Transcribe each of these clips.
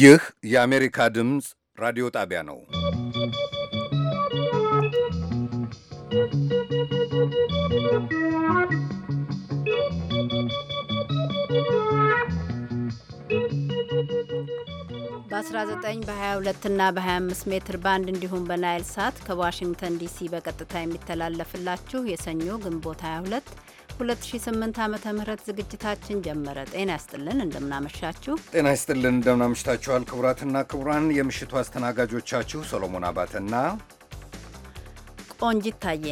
ይህ የአሜሪካ ድምፅ ራዲዮ ጣቢያ ነው። በ19 በ22 እና በ25 ሜትር ባንድ እንዲሁም በናይል ሳት ከዋሽንግተን ዲሲ በቀጥታ የሚተላለፍላችሁ የሰኞ ግንቦት 22 2008 ዓ ም ዝግጅታችን ጀመረ። ጤና ይስጥልን፣ እንደምናመሻችሁ። ጤና ይስጥልን፣ እንደምናመሽታችኋል። ክቡራትና ክቡራን የምሽቱ አስተናጋጆቻችሁ ሶሎሞን አባተና ቆንጂት ታዬ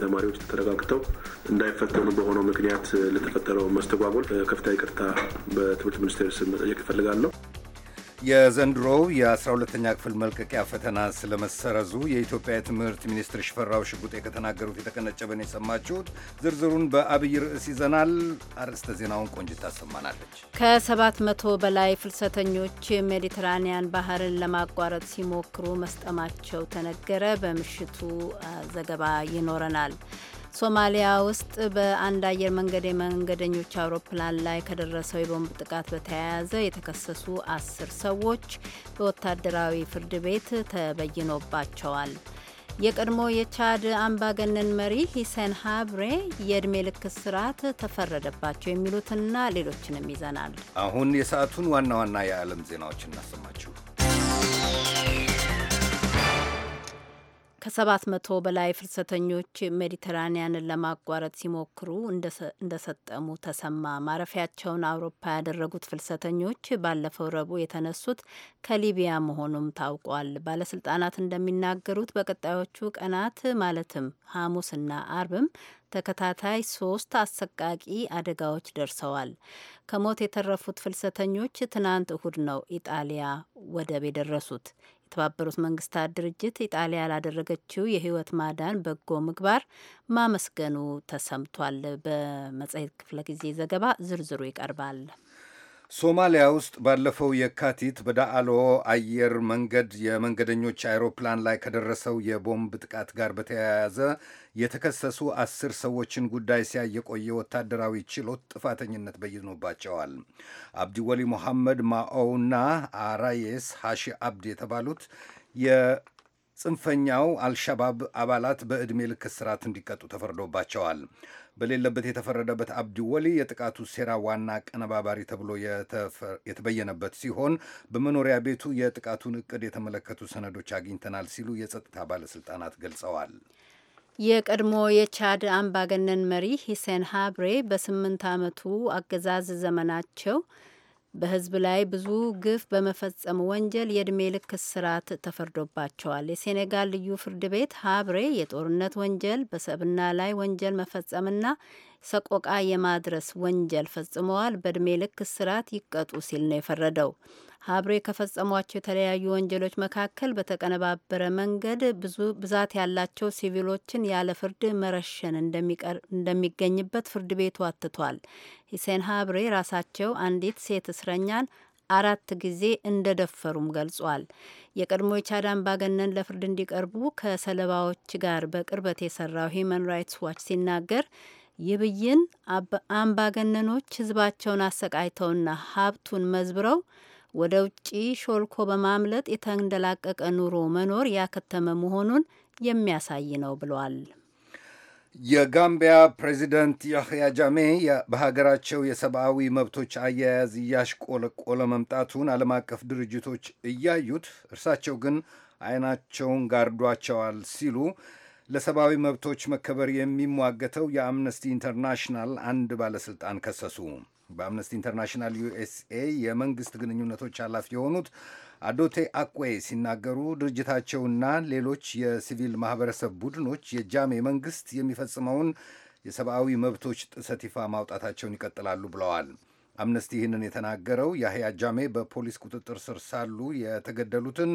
ተማሪዎች ተረጋግተው እንዳይፈተኑ በሆነው ምክንያት ለተፈጠረው መስተጓጎል ከፍታ ይቅርታ በትምህርት ሚኒስቴር ስም መጠየቅ እፈልጋለሁ። የዘንድሮው የ 12 ተኛ ክፍል መልቀቂያ ፈተና ስለመሰረዙ የኢትዮጵያ የትምህርት ሚኒስትር ሽፈራው ሽጉጤ ከተናገሩት የተቀነጨበን የሰማችሁት። ዝርዝሩን በአብይ ርዕስ ይዘናል። አርዕስተ ዜናውን ቆንጅት ታሰማናለች። ከ700 በላይ ፍልሰተኞች ሜዲትራኒያን ባህርን ለማቋረጥ ሲሞክሩ መስጠማቸው ተነገረ። በምሽቱ ዘገባ ይኖረናል። ሶማሊያ ውስጥ በአንድ አየር መንገድ የመንገደኞች አውሮፕላን ላይ ከደረሰው የቦምብ ጥቃት በተያያዘ የተከሰሱ አስር ሰዎች በወታደራዊ ፍርድ ቤት ተበይኖባቸዋል። የቀድሞ የቻድ አምባገነን መሪ ሂሴን ሀብሬ የእድሜ ልክ ስርዓት ተፈረደባቸው። የሚሉትና ሌሎችንም ይዘናል። አሁን የሰዓቱን ዋና ዋና የዓለም ዜናዎች እናሰማችሁ። ከሰባት መቶ በላይ ፍልሰተኞች ሜዲተራኒያንን ለማቋረጥ ሲሞክሩ እንደሰጠሙ ተሰማ። ማረፊያቸውን አውሮፓ ያደረጉት ፍልሰተኞች ባለፈው ረቡዕ የተነሱት ከሊቢያ መሆኑም ታውቋል። ባለስልጣናት እንደሚናገሩት በቀጣዮቹ ቀናት ማለትም ሐሙስና አርብም ተከታታይ ሶስት አሰቃቂ አደጋዎች ደርሰዋል። ከሞት የተረፉት ፍልሰተኞች ትናንት እሁድ ነው ኢጣሊያ ወደብ የደረሱት። የተባበሩት መንግስታት ድርጅት ኢጣሊያ ላደረገችው የህይወት ማዳን በጎ ምግባር ማመስገኑ ተሰምቷል። በመጽሔት ክፍለ ጊዜ ዘገባ ዝርዝሩ ይቀርባል። ሶማሊያ ውስጥ ባለፈው የካቲት በዳአሎ አየር መንገድ የመንገደኞች አይሮፕላን ላይ ከደረሰው የቦምብ ጥቃት ጋር በተያያዘ የተከሰሱ አስር ሰዎችን ጉዳይ ሲያይ የቆየ ወታደራዊ ችሎት ጥፋተኝነት በይኖባቸዋል። አብዲወሊ ሙሐመድ ማኦውና አራየስ ሃሺ አብድ የተባሉት የጽንፈኛው አልሸባብ አባላት በዕድሜ ልክ እስራት እንዲቀጡ ተፈርዶባቸዋል። በሌለበት የተፈረደበት አብዲ ወሊ የጥቃቱ ሴራ ዋና አቀነባባሪ ተብሎ የተበየነበት ሲሆን በመኖሪያ ቤቱ የጥቃቱን እቅድ የተመለከቱ ሰነዶች አግኝተናል ሲሉ የጸጥታ ባለስልጣናት ገልጸዋል። የቀድሞ የቻድ አምባገነን መሪ ሂሴን ሀብሬ በስምንት ዓመቱ አገዛዝ ዘመናቸው በህዝብ ላይ ብዙ ግፍ በመፈጸም ወንጀል የእድሜ ልክ እስራት ተፈርዶባቸዋል። የሴኔጋል ልዩ ፍርድ ቤት ሀብሬ የጦርነት ወንጀል በሰብና ላይ ወንጀል መፈጸምና ሰቆቃ የማድረስ ወንጀል ፈጽመዋል፣ በእድሜ ልክ እስራት ይቀጡ ሲል ነው የፈረደው። ሀብሬ ከፈጸሟቸው የተለያዩ ወንጀሎች መካከል በተቀነባበረ መንገድ ብዙ ብዛት ያላቸው ሲቪሎችን ያለ ፍርድ መረሸን እንደሚገኝበት ፍርድ ቤቱ አትቷል። ሂሴን ሀብሬ ራሳቸው አንዲት ሴት እስረኛን አራት ጊዜ እንደደፈሩም ገልጿል። የቀድሞ የቻድ አምባገነን ለፍርድ እንዲቀርቡ ከሰለባዎች ጋር በቅርበት የሰራው ሂዩማን ራይትስ ዋች ሲናገር ይብይን አምባገነኖች ህዝባቸውን አሰቃይተውና ሀብቱን መዝብረው ወደ ውጪ ሾልኮ በማምለጥ የተንደላቀቀ ኑሮ መኖር ያከተመ መሆኑን የሚያሳይ ነው ብሏል። የጋምቢያ ፕሬዚደንት ያህያ ጃሜ በሀገራቸው የሰብአዊ መብቶች አያያዝ እያሽቆለቆለ መምጣቱን ዓለም አቀፍ ድርጅቶች እያዩት፣ እርሳቸው ግን አይናቸውን ጋርዷቸዋል ሲሉ ለሰብአዊ መብቶች መከበር የሚሟገተው የአምነስቲ ኢንተርናሽናል አንድ ባለሥልጣን ከሰሱ። በአምነስቲ ኢንተርናሽናል ዩኤስኤ የመንግሥት ግንኙነቶች ኃላፊ የሆኑት አዶቴ አቅዌ ሲናገሩ ድርጅታቸውና ሌሎች የሲቪል ማኅበረሰብ ቡድኖች የጃሜ መንግሥት የሚፈጽመውን የሰብአዊ መብቶች ጥሰት ይፋ ማውጣታቸውን ይቀጥላሉ ብለዋል። አምነስቲ ይህንን የተናገረው ያህያ ጃሜ በፖሊስ ቁጥጥር ስር ሳሉ የተገደሉትን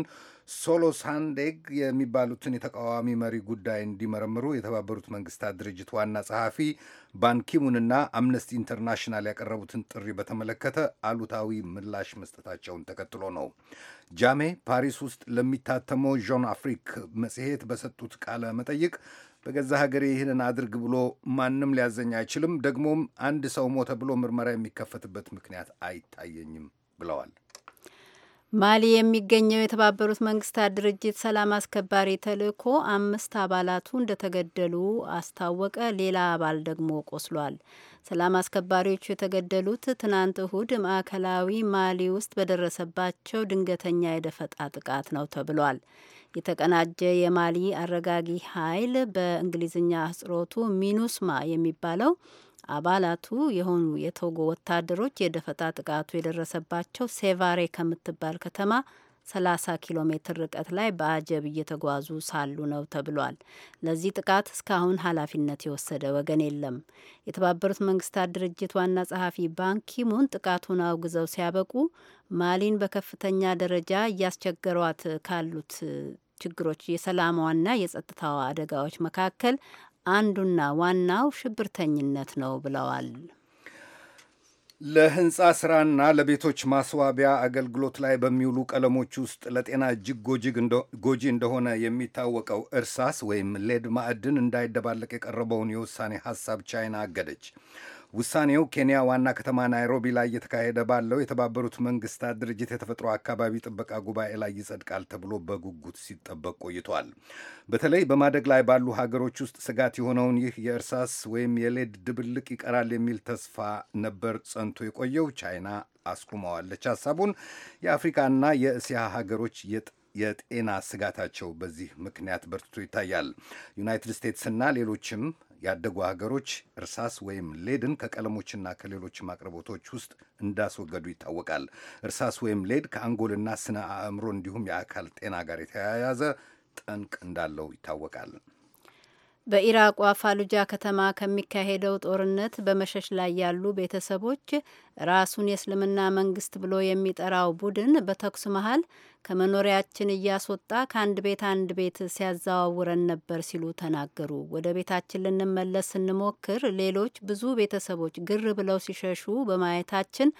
ሶሎ ሳንዴግ የሚባሉትን የተቃዋሚ መሪ ጉዳይ እንዲመረምሩ የተባበሩት መንግስታት ድርጅት ዋና ጸሐፊ ባንኪሙንና አምነስቲ ኢንተርናሽናል ያቀረቡትን ጥሪ በተመለከተ አሉታዊ ምላሽ መስጠታቸውን ተከትሎ ነው። ጃሜ ፓሪስ ውስጥ ለሚታተመው ዦን አፍሪክ መጽሔት በሰጡት ቃለ መጠይቅ በገዛ ሀገሬ ይህንን አድርግ ብሎ ማንም ሊያዘኝ አይችልም። ደግሞም አንድ ሰው ሞተ ብሎ ምርመራ የሚከፈትበት ምክንያት አይታየኝም ብለዋል። ማሊ የሚገኘው የተባበሩት መንግስታት ድርጅት ሰላም አስከባሪ ተልእኮ አምስት አባላቱ እንደተገደሉ አስታወቀ። ሌላ አባል ደግሞ ቆስሏል። ሰላም አስከባሪዎቹ የተገደሉት ትናንት እሁድ ማዕከላዊ ማሊ ውስጥ በደረሰባቸው ድንገተኛ የደፈጣ ጥቃት ነው ተብሏል። የተቀናጀ የማሊ አረጋጊ ኃይል በእንግሊዝኛ አህጽሮቱ ሚኑስማ የሚባለው አባላቱ የሆኑ የቶጎ ወታደሮች የደፈጣ ጥቃቱ የደረሰባቸው ሴቫሬ ከምትባል ከተማ 30 ኪሎ ሜትር ርቀት ላይ በአጀብ እየተጓዙ ሳሉ ነው ተብሏል። ለዚህ ጥቃት እስካሁን ኃላፊነት የወሰደ ወገን የለም። የተባበሩት መንግስታት ድርጅት ዋና ጸሐፊ ባንኪሙን ጥቃቱን አውግዘው ሲያበቁ ማሊን በከፍተኛ ደረጃ እያስቸገሯት ካሉት ችግሮች የሰላሟና የጸጥታዋ አደጋዎች መካከል አንዱና ዋናው ሽብርተኝነት ነው ብለዋል። ለህንፃ ስራና ለቤቶች ማስዋቢያ አገልግሎት ላይ በሚውሉ ቀለሞች ውስጥ ለጤና እጅግ ጎጂ እንደሆነ የሚታወቀው እርሳስ ወይም ሌድ ማዕድን እንዳይደባለቅ የቀረበውን የውሳኔ ሀሳብ ቻይና አገደች። ውሳኔው ኬንያ ዋና ከተማ ናይሮቢ ላይ እየተካሄደ ባለው የተባበሩት መንግስታት ድርጅት የተፈጥሮ አካባቢ ጥበቃ ጉባኤ ላይ ይጸድቃል ተብሎ በጉጉት ሲጠበቅ ቆይቷል። በተለይ በማደግ ላይ ባሉ ሀገሮች ውስጥ ስጋት የሆነውን ይህ የእርሳስ ወይም የሌድ ድብልቅ ይቀራል የሚል ተስፋ ነበር ጸንቶ የቆየው። ቻይና አስቁመዋለች ሀሳቡን። የአፍሪካና የእስያ ሀገሮች የጤና ስጋታቸው በዚህ ምክንያት በርትቶ ይታያል። ዩናይትድ ስቴትስና ሌሎችም ያደጉ ሀገሮች እርሳስ ወይም ሌድን ከቀለሞችና ከሌሎችም አቅርቦቶች ውስጥ እንዳስወገዱ ይታወቃል። እርሳስ ወይም ሌድ ከአንጎልና ስነ አእምሮ እንዲሁም የአካል ጤና ጋር የተያያዘ ጠንቅ እንዳለው ይታወቃል። በኢራቋ ፋሉጃ ከተማ ከሚካሄደው ጦርነት በመሸሽ ላይ ያሉ ቤተሰቦች ራሱን የእስልምና መንግስት ብሎ የሚጠራው ቡድን በተኩስ መሀል ከመኖሪያችን እያስወጣ ከአንድ ቤት አንድ ቤት ሲያዘዋውረን ነበር ሲሉ ተናገሩ። ወደ ቤታችን ልንመለስ ስንሞክር ሌሎች ብዙ ቤተሰቦች ግር ብለው ሲሸሹ በማየታችን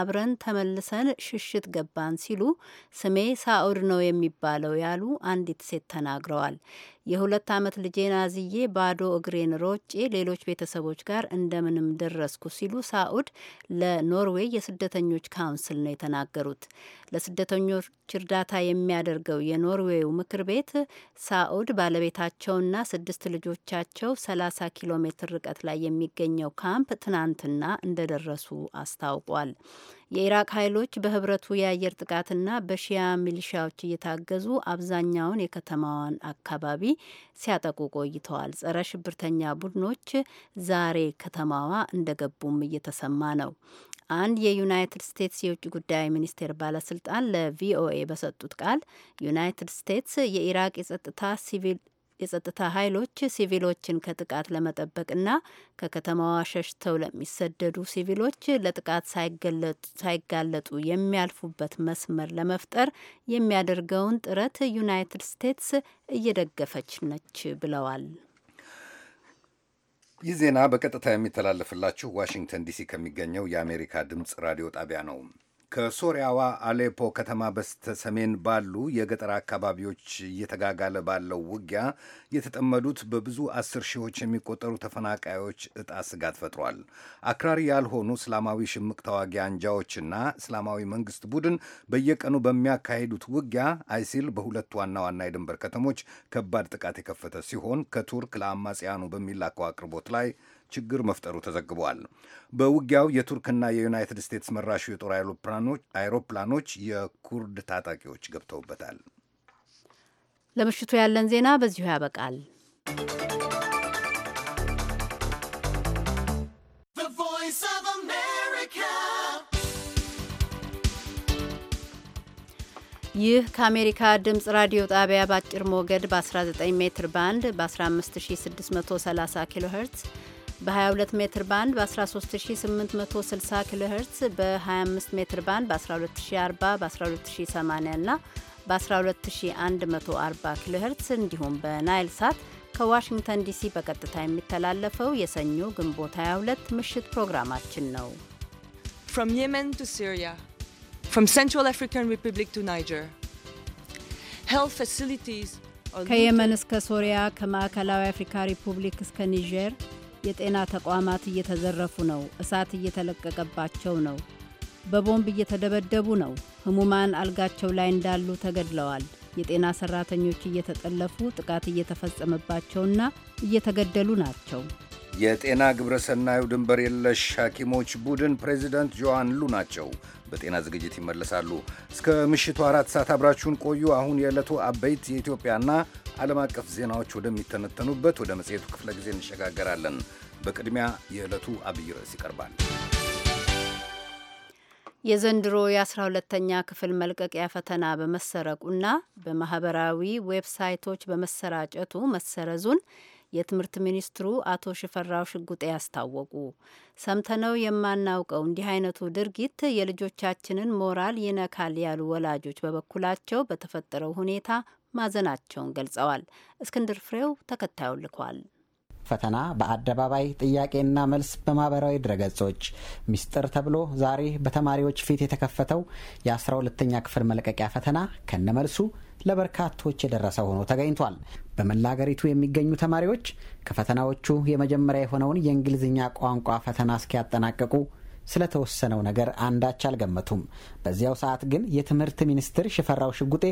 አብረን ተመልሰን ሽሽት ገባን ሲሉ ስሜ ሳኡድ ነው የሚባለው ያሉ አንዲት ሴት ተናግረዋል። የሁለት ዓመት ልጄን አዝዬ ባዶ እግሬን ሮጬ ሌሎች ቤተሰቦች ጋር እንደምንም ደረስኩ ሲሉ ሳኡድ ለኖርዌይ የስደተኞች ካውንስል ነው የተናገሩት። ለስደተኞች እርዳታ የሚያደርገው የኖርዌዩ ምክር ቤት ሳኡድ ባለቤታቸውና ስድስት ልጆቻቸው 30 ኪሎ ሜትር ርቀት ላይ የሚገኘው ካምፕ ትናንትና እንደደረሱ አስታውቋል። የኢራቅ ኃይሎች በህብረቱ የአየር ጥቃትና በሺያ ሚሊሻዎች እየታገዙ አብዛኛውን የከተማዋን አካባቢ ሲያጠቁ ቆይተዋል። ጸረ ሽብርተኛ ቡድኖች ዛሬ ከተማዋ እንደገቡም እየተሰማ ነው። አንድ የዩናይትድ ስቴትስ የውጭ ጉዳይ ሚኒስቴር ባለስልጣን ለቪኦኤ በሰጡት ቃል ዩናይትድ ስቴትስ የኢራቅ የጸጥታ ሲቪል የጸጥታ ኃይሎች ሲቪሎችን ከጥቃት ለመጠበቅና ከከተማዋ ሸሽተው ለሚሰደዱ ሲቪሎች ለጥቃት ሳይጋለጡ የሚያልፉበት መስመር ለመፍጠር የሚያደርገውን ጥረት ዩናይትድ ስቴትስ እየደገፈች ነች ብለዋል። ይህ ዜና በቀጥታ የሚተላለፍላችሁ ዋሽንግተን ዲሲ ከሚገኘው የአሜሪካ ድምፅ ራዲዮ ጣቢያ ነው። ከሶሪያዋ አሌፖ ከተማ በስተ ሰሜን ባሉ የገጠር አካባቢዎች እየተጋጋለ ባለው ውጊያ የተጠመዱት በብዙ አስር ሺዎች የሚቆጠሩ ተፈናቃዮች ዕጣ ስጋት ፈጥሯል። አክራሪ ያልሆኑ እስላማዊ ሽምቅ ተዋጊ አንጃዎችና እስላማዊ መንግስት ቡድን በየቀኑ በሚያካሂዱት ውጊያ አይሲል በሁለት ዋና ዋና የድንበር ከተሞች ከባድ ጥቃት የከፈተ ሲሆን ከቱርክ ለአማጽያኑ በሚላከው አቅርቦት ላይ ችግር መፍጠሩ ተዘግቧል። በውጊያው የቱርክና የዩናይትድ ስቴትስ መራሹ የጦር አይሮፕላኖች የኩርድ ታጣቂዎች ገብተውበታል። ለምሽቱ ያለን ዜና በዚሁ ያበቃል። ይህ ከአሜሪካ ድምጽ ራዲዮ ጣቢያ በአጭር ሞገድ በ19 ሜትር ባንድ በ15630 ኪሎ ሄርትስ በ22 ሜትር ባንድ በ13860 ኪሎ ሄርትስ በ25 ሜትር ባንድ በ12040 በ12080 እና በ12140 ኪሎ ሄርትስ እንዲሁም በናይል ሳት ከዋሽንግተን ዲሲ በቀጥታ የሚተላለፈው የሰኞ ግንቦት 22 ምሽት ፕሮግራማችን ነው። From Yemen to Syria, from Central African Republic to Niger, health facilities ከየመን እስከ ሶሪያ ከማዕከላዊ አፍሪካ ሪፑብሊክ እስከ ኒጀር የጤና ተቋማት እየተዘረፉ ነው፣ እሳት እየተለቀቀባቸው ነው፣ በቦምብ እየተደበደቡ ነው፣ ህሙማን አልጋቸው ላይ እንዳሉ ተገድለዋል፣ የጤና ሰራተኞች እየተጠለፉ ጥቃት እየተፈጸመባቸውና እየተገደሉ ናቸው። የጤና ግብረ ሰናዩ ድንበር የለሽ ሐኪሞች ቡድን ፕሬዚደንት ጆዋን ሉ ናቸው። በጤና ዝግጅት ይመለሳሉ። እስከ ምሽቱ አራት ሰዓት አብራችሁን ቆዩ። አሁን የዕለቱ አበይት የኢትዮጵያና ዓለም አቀፍ ዜናዎች ወደሚተነተኑበት ወደ መጽሔቱ ክፍለ ጊዜ እንሸጋገራለን። በቅድሚያ የዕለቱ አብይ ርዕስ ይቀርባል። የዘንድሮ የአስራ ሁለተኛ ክፍል መልቀቂያ ፈተና በመሰረቁና በማህበራዊ ዌብሳይቶች በመሰራጨቱ መሰረዙን የትምህርት ሚኒስትሩ አቶ ሽፈራው ሽጉጤ አስታወቁ። ሰምተነው የማናውቀው እንዲህ አይነቱ ድርጊት የልጆቻችንን ሞራል ይነካል ያሉ ወላጆች በበኩላቸው በተፈጠረው ሁኔታ ማዘናቸውን ገልጸዋል። እስክንድር ፍሬው ተከታዩን ልኳል። ፈተና በአደባባይ ጥያቄና መልስ በማህበራዊ ድረገጾች ሚስጥር ተብሎ ዛሬ በተማሪዎች ፊት የተከፈተው የአስራ ሁለተኛ ክፍል መለቀቂያ ፈተና ከነመልሱ ለበርካቶች የደረሰ ሆኖ ተገኝቷል። በመላ አገሪቱ የሚገኙ ተማሪዎች ከፈተናዎቹ የመጀመሪያ የሆነውን የእንግሊዝኛ ቋንቋ ፈተና እስኪያጠናቀቁ ስለተወሰነው ነገር አንዳች አልገመቱም። በዚያው ሰዓት ግን የትምህርት ሚኒስትር ሽፈራው ሽጉጤ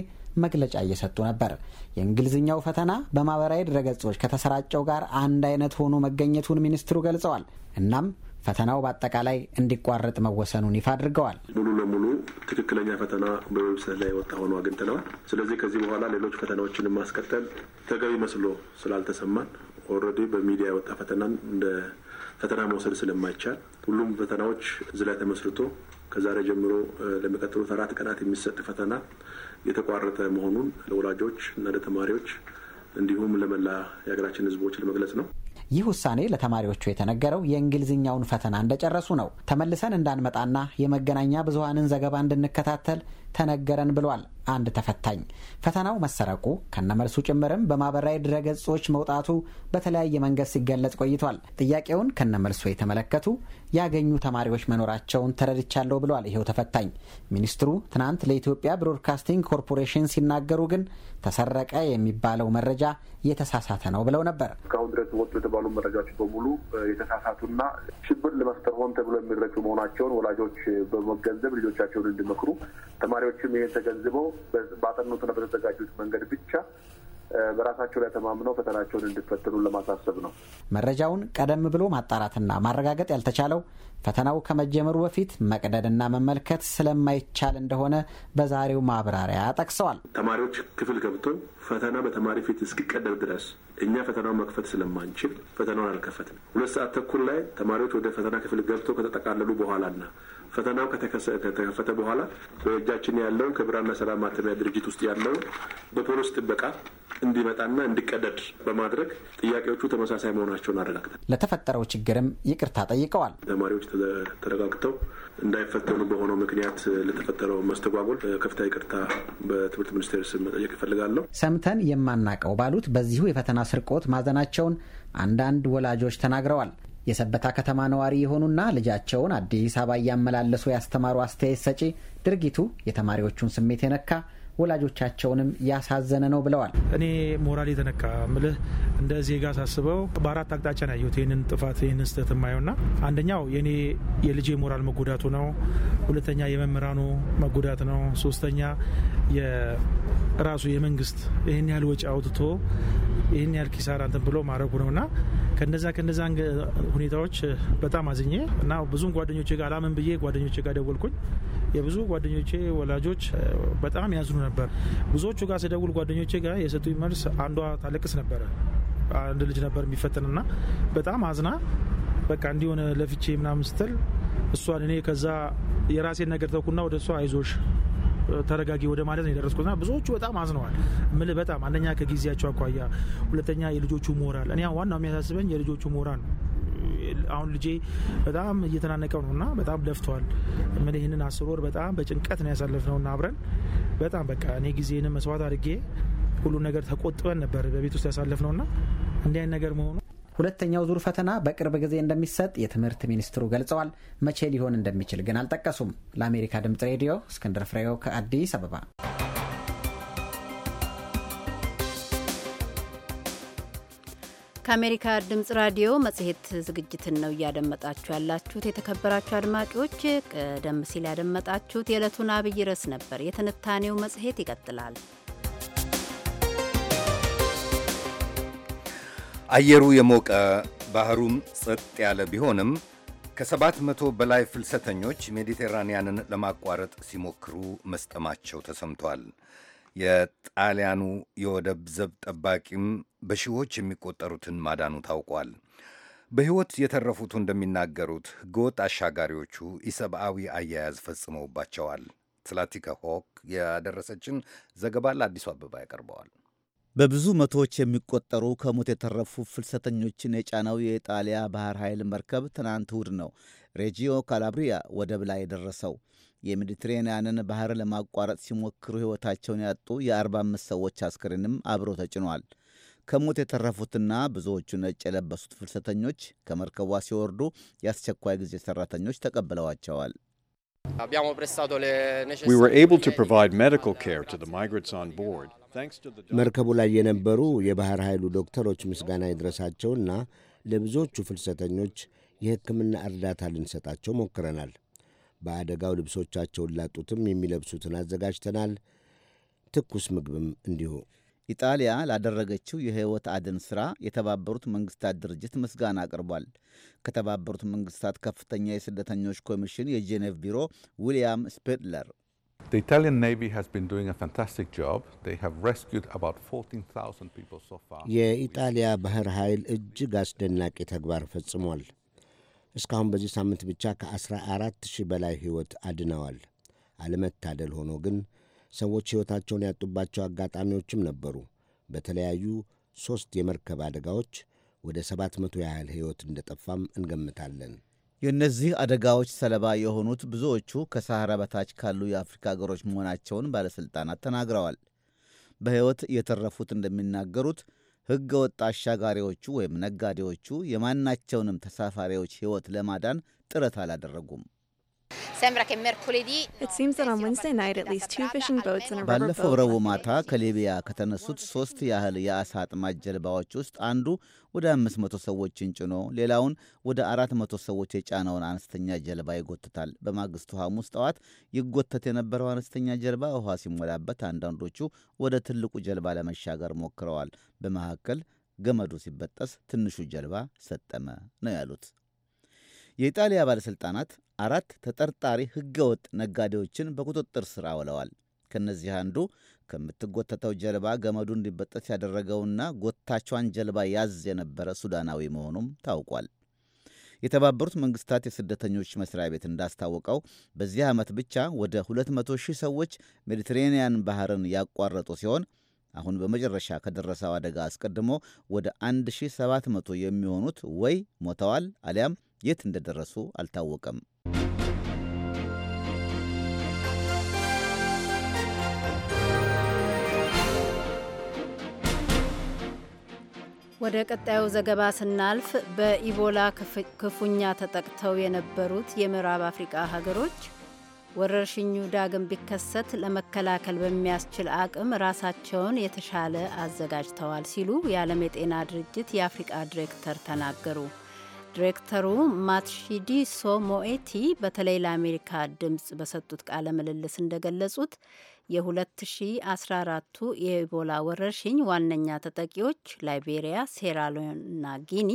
መግለጫ እየሰጡ ነበር። የእንግሊዝኛው ፈተና በማህበራዊ ድረገጾች ከተሰራጨው ጋር አንድ አይነት ሆኖ መገኘቱን ሚኒስትሩ ገልጸዋል። እናም ፈተናው በአጠቃላይ እንዲቋረጥ መወሰኑን ይፋ አድርገዋል። ሙሉ ለሙሉ ትክክለኛ ፈተና በዌብሳይት ላይ የወጣ ሆኖ አግኝተነዋል። ስለዚህ ከዚህ በኋላ ሌሎች ፈተናዎችን ማስቀጠል ተገቢ መስሎ ስላልተሰማን ኦልሬዲ በሚዲያ የወጣ ፈተናን እንደ ፈተና መውሰድ ስለማይቻል ሁሉም ፈተናዎች እዚህ ላይ ተመስርቶ ከዛሬ ጀምሮ ለሚቀጥሉት አራት ቀናት የሚሰጥ ፈተና የተቋረጠ መሆኑን ለወላጆች እና ለተማሪዎች እንዲሁም ለመላ የሀገራችን ሕዝቦች ለመግለጽ ነው። ይህ ውሳኔ ለተማሪዎቹ የተነገረው የእንግሊዝኛውን ፈተና እንደጨረሱ ነው። ተመልሰን እንዳንመጣና የመገናኛ ብዙሀንን ዘገባ እንድንከታተል ተነገረን ብሏል። አንድ ተፈታኝ ፈተናው መሰረቁ ከነመልሱ ጭምርም በማህበራዊ ድረገጾች መውጣቱ በተለያየ መንገድ ሲገለጽ ቆይቷል። ጥያቄውን ከነመልሱ የተመለከቱ ያገኙ ተማሪዎች መኖራቸውን ተረድቻለሁ ብለዋል ይኸው ተፈታኝ። ሚኒስትሩ ትናንት ለኢትዮጵያ ብሮድካስቲንግ ኮርፖሬሽን ሲናገሩ ግን ተሰረቀ የሚባለው መረጃ የተሳሳተ ነው ብለው ነበር። እስካሁን ድረስ ወጡ የተባሉ መረጃዎች በሙሉ የተሳሳቱና ሽብር ለመፍጠር ሆን ተብሎ የሚረጩ መሆናቸውን ወላጆች በመገንዘብ ልጆቻቸውን እንዲመክሩ ተማሪዎችም ይህን ተገንዝበው ባጠኑትና በተዘጋጁት መንገድ ብቻ በራሳቸው ላይ ተማምነው ፈተናቸውን እንዲፈትኑ ለማሳሰብ ነው። መረጃውን ቀደም ብሎ ማጣራትና ማረጋገጥ ያልተቻለው ፈተናው ከመጀመሩ በፊት መቅደድና መመልከት ስለማይቻል እንደሆነ በዛሬው ማብራሪያ ጠቅሰዋል። ተማሪዎች ክፍል ገብቶን ፈተና በተማሪ ፊት እስኪቀደድ ድረስ እኛ ፈተናውን መክፈት ስለማንችል ፈተናውን አልከፈትም። ሁለት ሰዓት ተኩል ላይ ተማሪዎች ወደ ፈተና ክፍል ገብቶ ከተጠቃለሉ በኋላና ፈተናው ከተከፈተ በኋላ በእጃችን ያለውን ከብራና ሰላም ማተሚያ ድርጅት ውስጥ ያለውን በፖሊስ ጥበቃ እንዲመጣና እንዲቀደድ በማድረግ ጥያቄዎቹ ተመሳሳይ መሆናቸውን አረጋግጠል። ለተፈጠረው ችግርም ይቅርታ ጠይቀዋል። ተማሪዎች ተረጋግተው እንዳይፈተኑ በሆነው ምክንያት ለተፈጠረው መስተጓጎል ከፍታ ይቅርታ በትምህርት ሚኒስቴር ስም መጠየቅ ይፈልጋለሁ። ሰምተን የማናቀው ባሉት በዚሁ የፈተና ስርቆት ማዘናቸውን አንዳንድ ወላጆች ተናግረዋል። የሰበታ ከተማ ነዋሪ የሆኑና ልጃቸውን አዲስ አበባ እያመላለሱ ያስተማሩ አስተያየት ሰጪ ድርጊቱ የተማሪዎቹን ስሜት የነካ ወላጆቻቸውንም ያሳዘነ ነው ብለዋል። እኔ ሞራል የተነካ ምልህ እንደ ዜጋ ሳስበው በአራት አቅጣጫ ነው ያየሁት ይህንን ጥፋት ይህንን ስህተት የማየው ና አንደኛው የኔ የልጄ ሞራል መጎዳቱ ነው። ሁለተኛ የመምህራኑ መጎዳት ነው። ሶስተኛ የራሱ የመንግስት ይህን ያህል ወጪ አውጥቶ ይህን ያህል ኪሳራ እንትን ብሎ ማድረጉ ነው እና ከነዛ ከነዛ ሁኔታዎች በጣም አዝኜ እና ብዙም ጓደኞች ጋር አላምን ብዬ ጓደኞች ጋር ደወልኩኝ። የብዙ ጓደኞቼ ወላጆች በጣም ያዝኑ ነበር። ብዙዎቹ ጋር ስደውል ጓደኞቼ ጋር የሰጡኝ መልስ አንዷ ታለቅስ ነበረ። አንድ ልጅ ነበር የሚፈተንና በጣም አዝና በቃ እንዲሆነ ለፍቼ ምናምን ስትል እሷን እኔ ከዛ የራሴን ነገር ተኩና ወደ እሷ አይዞሽ ተረጋጊ ወደ ማለት ነው የደረስኩትና ብዙዎቹ በጣም አዝነዋል። ምል በጣም አንደኛ ከጊዜያቸው አኳያ፣ ሁለተኛ የልጆቹ ሞራል። እኔ ዋናው የሚያሳስበኝ የልጆቹ ሞራል ነው። አሁን ልጄ በጣም እየተናነቀው ነው እና በጣም ለፍተዋል። ምን ይህንን አስር ወር በጣም በጭንቀት ነው ያሳለፍነው እና አብረን በጣም በቃ እኔ ጊዜንም መስዋዕት አድርጌ ሁሉን ነገር ተቆጥበን ነበር በቤት ውስጥ ያሳለፍነው እና እንዲህ አይነት ነገር መሆኑ ሁለተኛው ዙር ፈተና በቅርብ ጊዜ እንደሚሰጥ የትምህርት ሚኒስትሩ ገልጸዋል። መቼ ሊሆን እንደሚችል ግን አልጠቀሱም። ለአሜሪካ ድምጽ ሬዲዮ እስክንድር ፍሬው ከአዲስ አበባ ከአሜሪካ ድምፅ ራዲዮ መጽሔት ዝግጅትን ነው እያደመጣችሁ ያላችሁት። የተከበራችሁ አድማጮች፣ ቀደም ሲል ያደመጣችሁት የዕለቱን አብይ ርዕስ ነበር። የትንታኔው መጽሔት ይቀጥላል። አየሩ የሞቀ ባህሩም ጸጥ ያለ ቢሆንም ከሰባት መቶ በላይ ፍልሰተኞች ሜዲቴራንያንን ለማቋረጥ ሲሞክሩ መስጠማቸው ተሰምቷል። የጣሊያኑ የወደብ ዘብ ጠባቂም በሺዎች የሚቆጠሩትን ማዳኑ ታውቋል። በሕይወት የተረፉቱ እንደሚናገሩት ሕገወጥ አሻጋሪዎቹ ኢሰብአዊ አያያዝ ፈጽመውባቸዋል። ትላቲከ ሆክ ያደረሰችን ዘገባ ለአዲሱ አበባ ያቀርበዋል። በብዙ መቶዎች የሚቆጠሩ ከሞት የተረፉ ፍልሰተኞችን የጫነው የጣሊያ ባህር ኃይል መርከብ ትናንት እሁድ ነው ሬጂዮ ካላብሪያ ወደብ ላይ የደረሰው። የሜዲትሬንያንን ባህር ለማቋረጥ ሲሞክሩ ሕይወታቸውን ያጡ የ45 ሰዎች አስክሬንም አብሮ ተጭኗል። ከሞት የተረፉትና ብዙዎቹ ነጭ የለበሱት ፍልሰተኞች ከመርከቧ ሲወርዱ የአስቸኳይ ጊዜ ሠራተኞች ተቀብለዋቸዋል። መርከቡ ላይ የነበሩ የባህር ኃይሉ ዶክተሮች ምስጋና ይድረሳቸውና ለብዙዎቹ ፍልሰተኞች የሕክምና እርዳታ ልንሰጣቸው ሞክረናል። በአደጋው ልብሶቻቸውን ላጡትም የሚለብሱትን አዘጋጅተናል። ትኩስ ምግብም እንዲሁ። ኢጣሊያ ላደረገችው የሕይወት አድን ሥራ የተባበሩት መንግሥታት ድርጅት ምስጋና አቅርቧል። ከተባበሩት መንግሥታት ከፍተኛ የስደተኞች ኮሚሽን የጄኔቭ ቢሮ ዊልያም ስፔድለር የኢጣሊያ ባህር ኃይል እጅግ አስደናቂ ተግባር ፈጽሟል። እስካሁን በዚህ ሳምንት ብቻ ከ14 ሺህ በላይ ሕይወት አድነዋል። አለመታደል ሆኖ ግን ሰዎች ሕይወታቸውን ያጡባቸው አጋጣሚዎችም ነበሩ። በተለያዩ ሦስት የመርከብ አደጋዎች ወደ 700 ያህል ሕይወት እንደጠፋም እንገምታለን። የእነዚህ አደጋዎች ሰለባ የሆኑት ብዙዎቹ ከሳህራ በታች ካሉ የአፍሪካ አገሮች መሆናቸውን ባለሥልጣናት ተናግረዋል። በሕይወት የተረፉት እንደሚናገሩት ሕገ ወጥ አሻጋሪዎቹ ወይም ነጋዴዎቹ የማናቸውንም ተሳፋሪዎች ሕይወት ለማዳን ጥረት አላደረጉም። ባለፈው ረቡዕ ማታ ከሊቢያ ከተነሱት ሦስት ያህል የአሳ አጥማጅ ጀልባዎች ውስጥ አንዱ ወደ 500 ሰዎችን ጭኖ ሌላውን ወደ 400 ሰዎች የጫነውን አነስተኛ ጀልባ ይጎትታል። በማግስቱ ሐሙስ ጠዋት ይጎተት የነበረው አነስተኛ ጀልባ ውኃ ሲሞላበት አንዳንዶቹ ወደ ትልቁ ጀልባ ለመሻገር ሞክረዋል። በመካከል ገመዱ ሲበጠስ ትንሹ ጀልባ ሰጠመ ነው ያሉት። የኢጣሊያ ባለሥልጣናት አራት ተጠርጣሪ ህገወጥ ነጋዴዎችን በቁጥጥር ስር አውለዋል። ከእነዚህ አንዱ ከምትጎተተው ጀልባ ገመዱ እንዲበጠስ ያደረገውና ጎታቿን ጀልባ ያዝ የነበረ ሱዳናዊ መሆኑም ታውቋል። የተባበሩት መንግስታት የስደተኞች መስሪያ ቤት እንዳስታወቀው በዚህ ዓመት ብቻ ወደ 200 ሺህ ሰዎች ሜዲትሬንያን ባህርን ያቋረጡ ሲሆን አሁን በመጨረሻ ከደረሰው አደጋ አስቀድሞ ወደ 1700 የሚሆኑት ወይ ሞተዋል አሊያም የት እንደደረሱ አልታወቀም። ወደ ቀጣዩ ዘገባ ስናልፍ በኢቦላ ክፉኛ ተጠቅተው የነበሩት የምዕራብ አፍሪቃ ሀገሮች ወረርሽኙ ዳግም ቢከሰት ለመከላከል በሚያስችል አቅም ራሳቸውን የተሻለ አዘጋጅተዋል ሲሉ የዓለም የጤና ድርጅት የአፍሪቃ ዲሬክተር ተናገሩ። ዲሬክተሩ ማትሺዲ ሶሞኤቲ በተለይ ለአሜሪካ ድምፅ በሰጡት ቃለ ምልልስ እንደገለጹት የ2014ቱ የኢቦላ ወረርሽኝ ዋነኛ ተጠቂዎች ላይቤሪያ፣ ሴራሊዮንና ጊኒ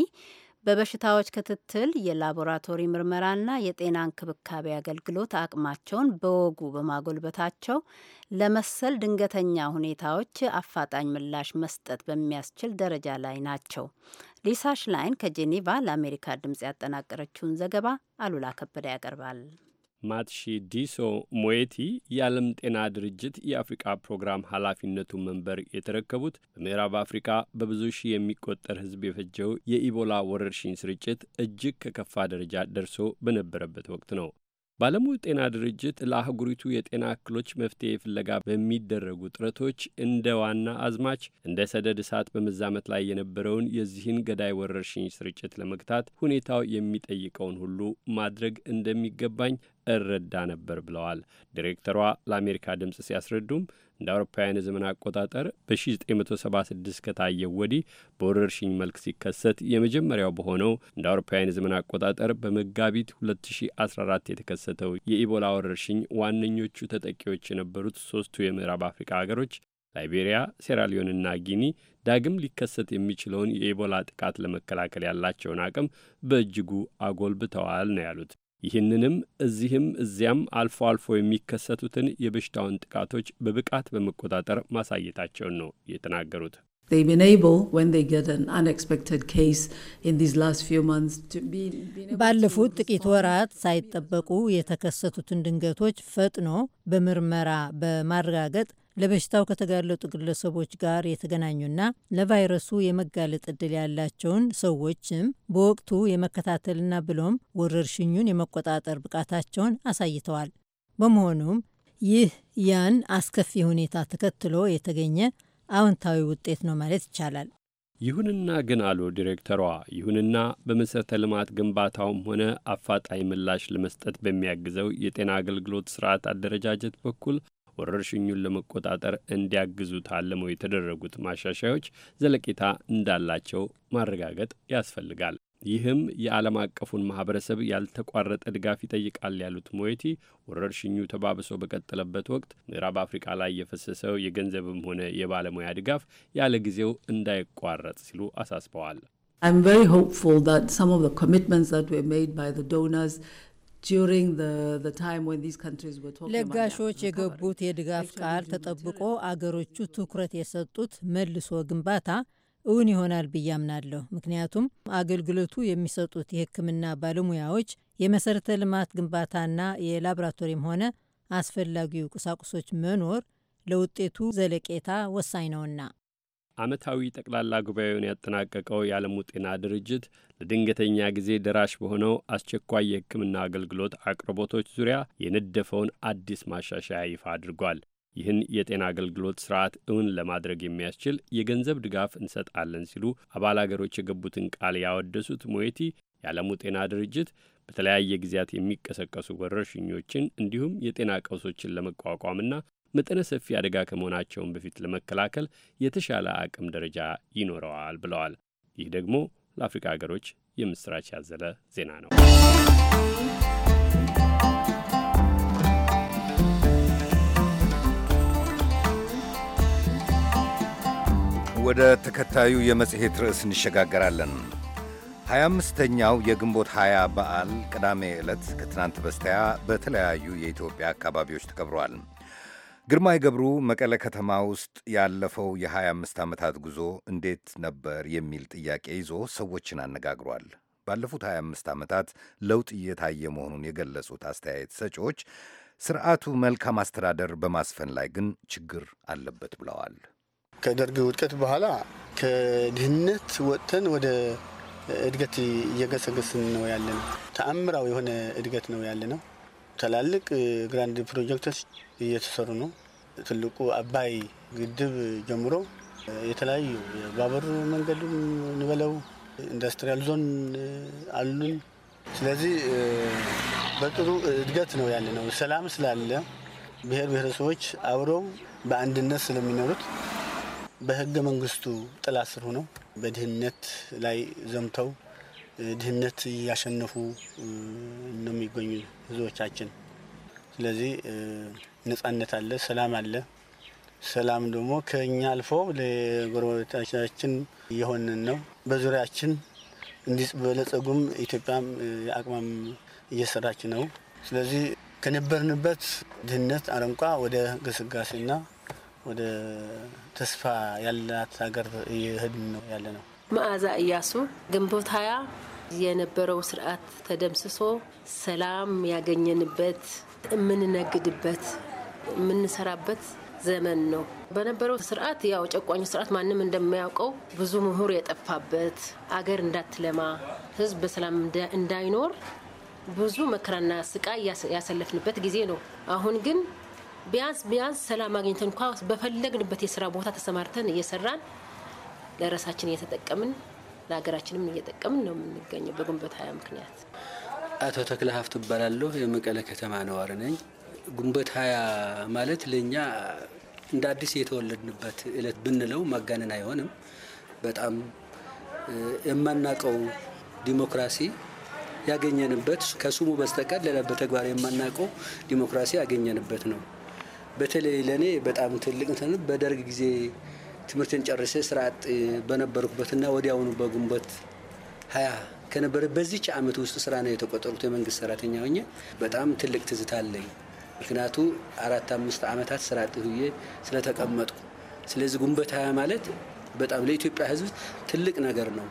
በበሽታዎች ክትትል የላቦራቶሪ ምርመራና የጤና እንክብካቤ አገልግሎት አቅማቸውን በወጉ በማጎልበታቸው ለመሰል ድንገተኛ ሁኔታዎች አፋጣኝ ምላሽ መስጠት በሚያስችል ደረጃ ላይ ናቸው። ሊሳ ሽላይን ከጄኔቫ ለአሜሪካ ድምፅ ያጠናቀረችውን ዘገባ አሉላ ከበደ ያቀርባል። ዲሶ ሞዬቲ የዓለም ጤና ድርጅት የአፍሪቃ ፕሮግራም ኃላፊነቱን መንበር የተረከቡት በምዕራብ አፍሪካ በብዙ ሺህ የሚቆጠር ሕዝብ የፈጀው የኢቦላ ወረርሽኝ ስርጭት እጅግ ከከፋ ደረጃ ደርሶ በነበረበት ወቅት ነው። በዓለሙ ጤና ድርጅት ለአህጉሪቱ የጤና እክሎች መፍትሄ ፍለጋ በሚደረጉ ጥረቶች እንደ ዋና አዝማች እንደ ሰደድ እሳት በመዛመት ላይ የነበረውን የዚህን ገዳይ ወረርሽኝ ስርጭት ለመግታት ሁኔታው የሚጠይቀውን ሁሉ ማድረግ እንደሚገባኝ እረዳ ነበር ብለዋል። ዲሬክተሯ ለአሜሪካ ድምፅ ሲያስረዱም እንደ አውሮፓውያን የዘመን አቆጣጠር በ1976 ከታየው ወዲህ በወረርሽኝ መልክ ሲከሰት የመጀመሪያው በሆነው እንደ አውሮፓውያን የዘመን አቆጣጠር በመጋቢት 2014 የተከሰተው የኢቦላ ወረርሽኝ ዋነኞቹ ተጠቂዎች የነበሩት ሶስቱ የምዕራብ አፍሪካ ሀገሮች ላይቤሪያ፣ ሴራሊዮንና ጊኒ ዳግም ሊከሰት የሚችለውን የኢቦላ ጥቃት ለመከላከል ያላቸውን አቅም በእጅጉ አጎልብተዋል ነው ያሉት። ይህንንም እዚህም እዚያም አልፎ አልፎ የሚከሰቱትን የበሽታውን ጥቃቶች በብቃት በመቆጣጠር ማሳየታቸውን ነው የተናገሩት። ባለፉት ጥቂት ወራት ሳይጠበቁ የተከሰቱትን ድንገቶች ፈጥኖ በምርመራ በማረጋገጥ ለበሽታው ከተጋለጡ ግለሰቦች ጋር የተገናኙና ለቫይረሱ የመጋለጥ እድል ያላቸውን ሰዎችም በወቅቱ የመከታተልና ብሎም ወረርሽኙን የመቆጣጠር ብቃታቸውን አሳይተዋል። በመሆኑም ይህ ያን አስከፊ ሁኔታ ተከትሎ የተገኘ አዎንታዊ ውጤት ነው ማለት ይቻላል። ይሁንና ግን አሉ ዲሬክተሯ፣ ይሁንና በመሠረተ ልማት ግንባታውም ሆነ አፋጣኝ ምላሽ ለመስጠት በሚያግዘው የጤና አገልግሎት ስርዓት አደረጃጀት በኩል ወረርሽኙን ለመቆጣጠር እንዲያግዙ ታልመው የተደረጉት ማሻሻዮች ዘለቄታ እንዳላቸው ማረጋገጥ ያስፈልጋል። ይህም የዓለም አቀፉን ማህበረሰብ ያልተቋረጠ ድጋፍ ይጠይቃል ያሉት ሞየቲ ወረርሽኙ ተባብሶ በቀጠለበት ወቅት ምዕራብ አፍሪቃ ላይ የፈሰሰው የገንዘብም ሆነ የባለሙያ ድጋፍ ያለ ጊዜው እንዳይቋረጥ ሲሉ አሳስበዋል። I'm very hopeful that some of the commitments that were made by the donors ለጋሾች የገቡት የድጋፍ ቃል ተጠብቆ አገሮቹ ትኩረት የሰጡት መልሶ ግንባታ እውን ይሆናል ብዬ አምናለሁ። ምክንያቱም አገልግሎቱ የሚሰጡት የሕክምና ባለሙያዎች የመሰረተ ልማት ግንባታና የላብራቶሪም ሆነ አስፈላጊው ቁሳቁሶች መኖር ለውጤቱ ዘለቄታ ወሳኝ ነውና። ዓመታዊ ጠቅላላ ጉባኤውን ያጠናቀቀው የዓለሙ ጤና ድርጅት ለድንገተኛ ጊዜ ደራሽ በሆነው አስቸኳይ የሕክምና አገልግሎት አቅርቦቶች ዙሪያ የነደፈውን አዲስ ማሻሻያ ይፋ አድርጓል። ይህን የጤና አገልግሎት ስርዓት እውን ለማድረግ የሚያስችል የገንዘብ ድጋፍ እንሰጣለን ሲሉ አባል አገሮች የገቡትን ቃል ያወደሱት ሞየቲ የዓለሙ ጤና ድርጅት በተለያየ ጊዜያት የሚቀሰቀሱ ወረርሽኞችን እንዲሁም የጤና ቀውሶችን ለመቋቋምና መጠነ ሰፊ አደጋ ከመሆናቸውን በፊት ለመከላከል የተሻለ አቅም ደረጃ ይኖረዋል ብለዋል። ይህ ደግሞ ለአፍሪካ ሀገሮች የምስራች ያዘለ ዜና ነው። ወደ ተከታዩ የመጽሔት ርዕስ እንሸጋገራለን። 25ኛው የግንቦት 20 በዓል ቅዳሜ ዕለት ከትናንት በስቲያ በተለያዩ የኢትዮጵያ አካባቢዎች ተከብሯል። ግርማይ ገብሩ መቀለ ከተማ ውስጥ ያለፈው የ25 ዓመታት ጉዞ እንዴት ነበር የሚል ጥያቄ ይዞ ሰዎችን አነጋግሯል። ባለፉት 25 ዓመታት ለውጥ እየታየ መሆኑን የገለጹት አስተያየት ሰጪዎች ስርዓቱ መልካም አስተዳደር በማስፈን ላይ ግን ችግር አለበት ብለዋል። ከደርግ ውድቀት በኋላ ከድህነት ወጥተን ወደ እድገት እየገሰገስን ነው ያለ ነው። ተአምራዊ የሆነ እድገት ነው ያለ ነው። ትላልቅ ግራንድ ፕሮጀክቶች እየተሰሩ ነው። ትልቁ አባይ ግድብ ጀምሮ የተለያዩ የባቡር መንገዱም እንበለው ኢንዱስትሪያል ዞን አሉን። ስለዚህ በጥሩ እድገት ነው ያለ ነው። ሰላም ስላለ ብሔር ብሔረሰቦች አብረው በአንድነት ስለሚኖሩት በህገ መንግስቱ ጥላ ስር ሆነው በድህነት ላይ ዘምተው ድህነት እያሸነፉ ነው የሚገኙ ህዝቦቻችን። ስለዚህ ነጻነት አለ፣ ሰላም አለ። ሰላም ደግሞ ከእኛ አልፎ ለጎረቤቶቻችን እየሆንን ነው። በዙሪያችን እንዲበለጸጉም ኢትዮጵያም አቅማም እየሰራች ነው። ስለዚህ ከነበርንበት ድህነት አረንቋ ወደ ግስጋሴና ወደ ተስፋ ያላት ሀገር እየሄድን ነው ያለ ነው። መዓዛ እያሱ ግንቦት ሀያ የነበረው ስርዓት ተደምስሶ ሰላም ያገኘንበት የምንነግድበት የምንሰራበት ዘመን ነው። በነበረው ስርዓት ያው ጨቋኝ ስርዓት ማንም እንደሚያውቀው ብዙ ምሁር የጠፋበት አገር እንዳትለማ ህዝብ በሰላም እንዳይኖር ብዙ መከራና ስቃይ ያሰለፍንበት ጊዜ ነው። አሁን ግን ቢያንስ ቢያንስ ሰላም አግኝተን እንኳ በፈለግንበት የስራ ቦታ ተሰማርተን እየሰራን ለራሳችን እየተጠቀምን ለሀገራችንም እየጠቀምን ነው የምንገኘው በግንቦት ሀያ ምክንያት። አቶ ተክለ ሀፍቱ እባላለሁ። የመቀለ ከተማ ነዋሪ ነኝ። ግንቦት ሀያ ማለት ለእኛ እንደ አዲስ የተወለድንበት እለት ብንለው ማጋነን አይሆንም። በጣም የማናቀው ዲሞክራሲ ያገኘንበት ከስሙ በስተቀር ሌላ በተግባር የማናውቀው ዲሞክራሲ ያገኘንበት ነው። በተለይ ለእኔ በጣም ትልቅ በደርግ ጊዜ ትምህርትን ጨርሴ ስራ አጥ በነበርኩበትና ወዲያውኑ በግንቦት ሀያ ከነበረ በዚች አመት ውስጥ ስራ ነው የተቆጠሩት የመንግስት ሰራተኛ ሆኜ በጣም ትልቅ ትዝታ አለኝ። ምክንያቱ አራት አምስት አመታት ስራ አጥ ሁዬ ስለተቀመጥኩ። ስለዚህ ግንቦት ሀያ ማለት በጣም ለኢትዮጵያ ሕዝብ ትልቅ ነገር ነው።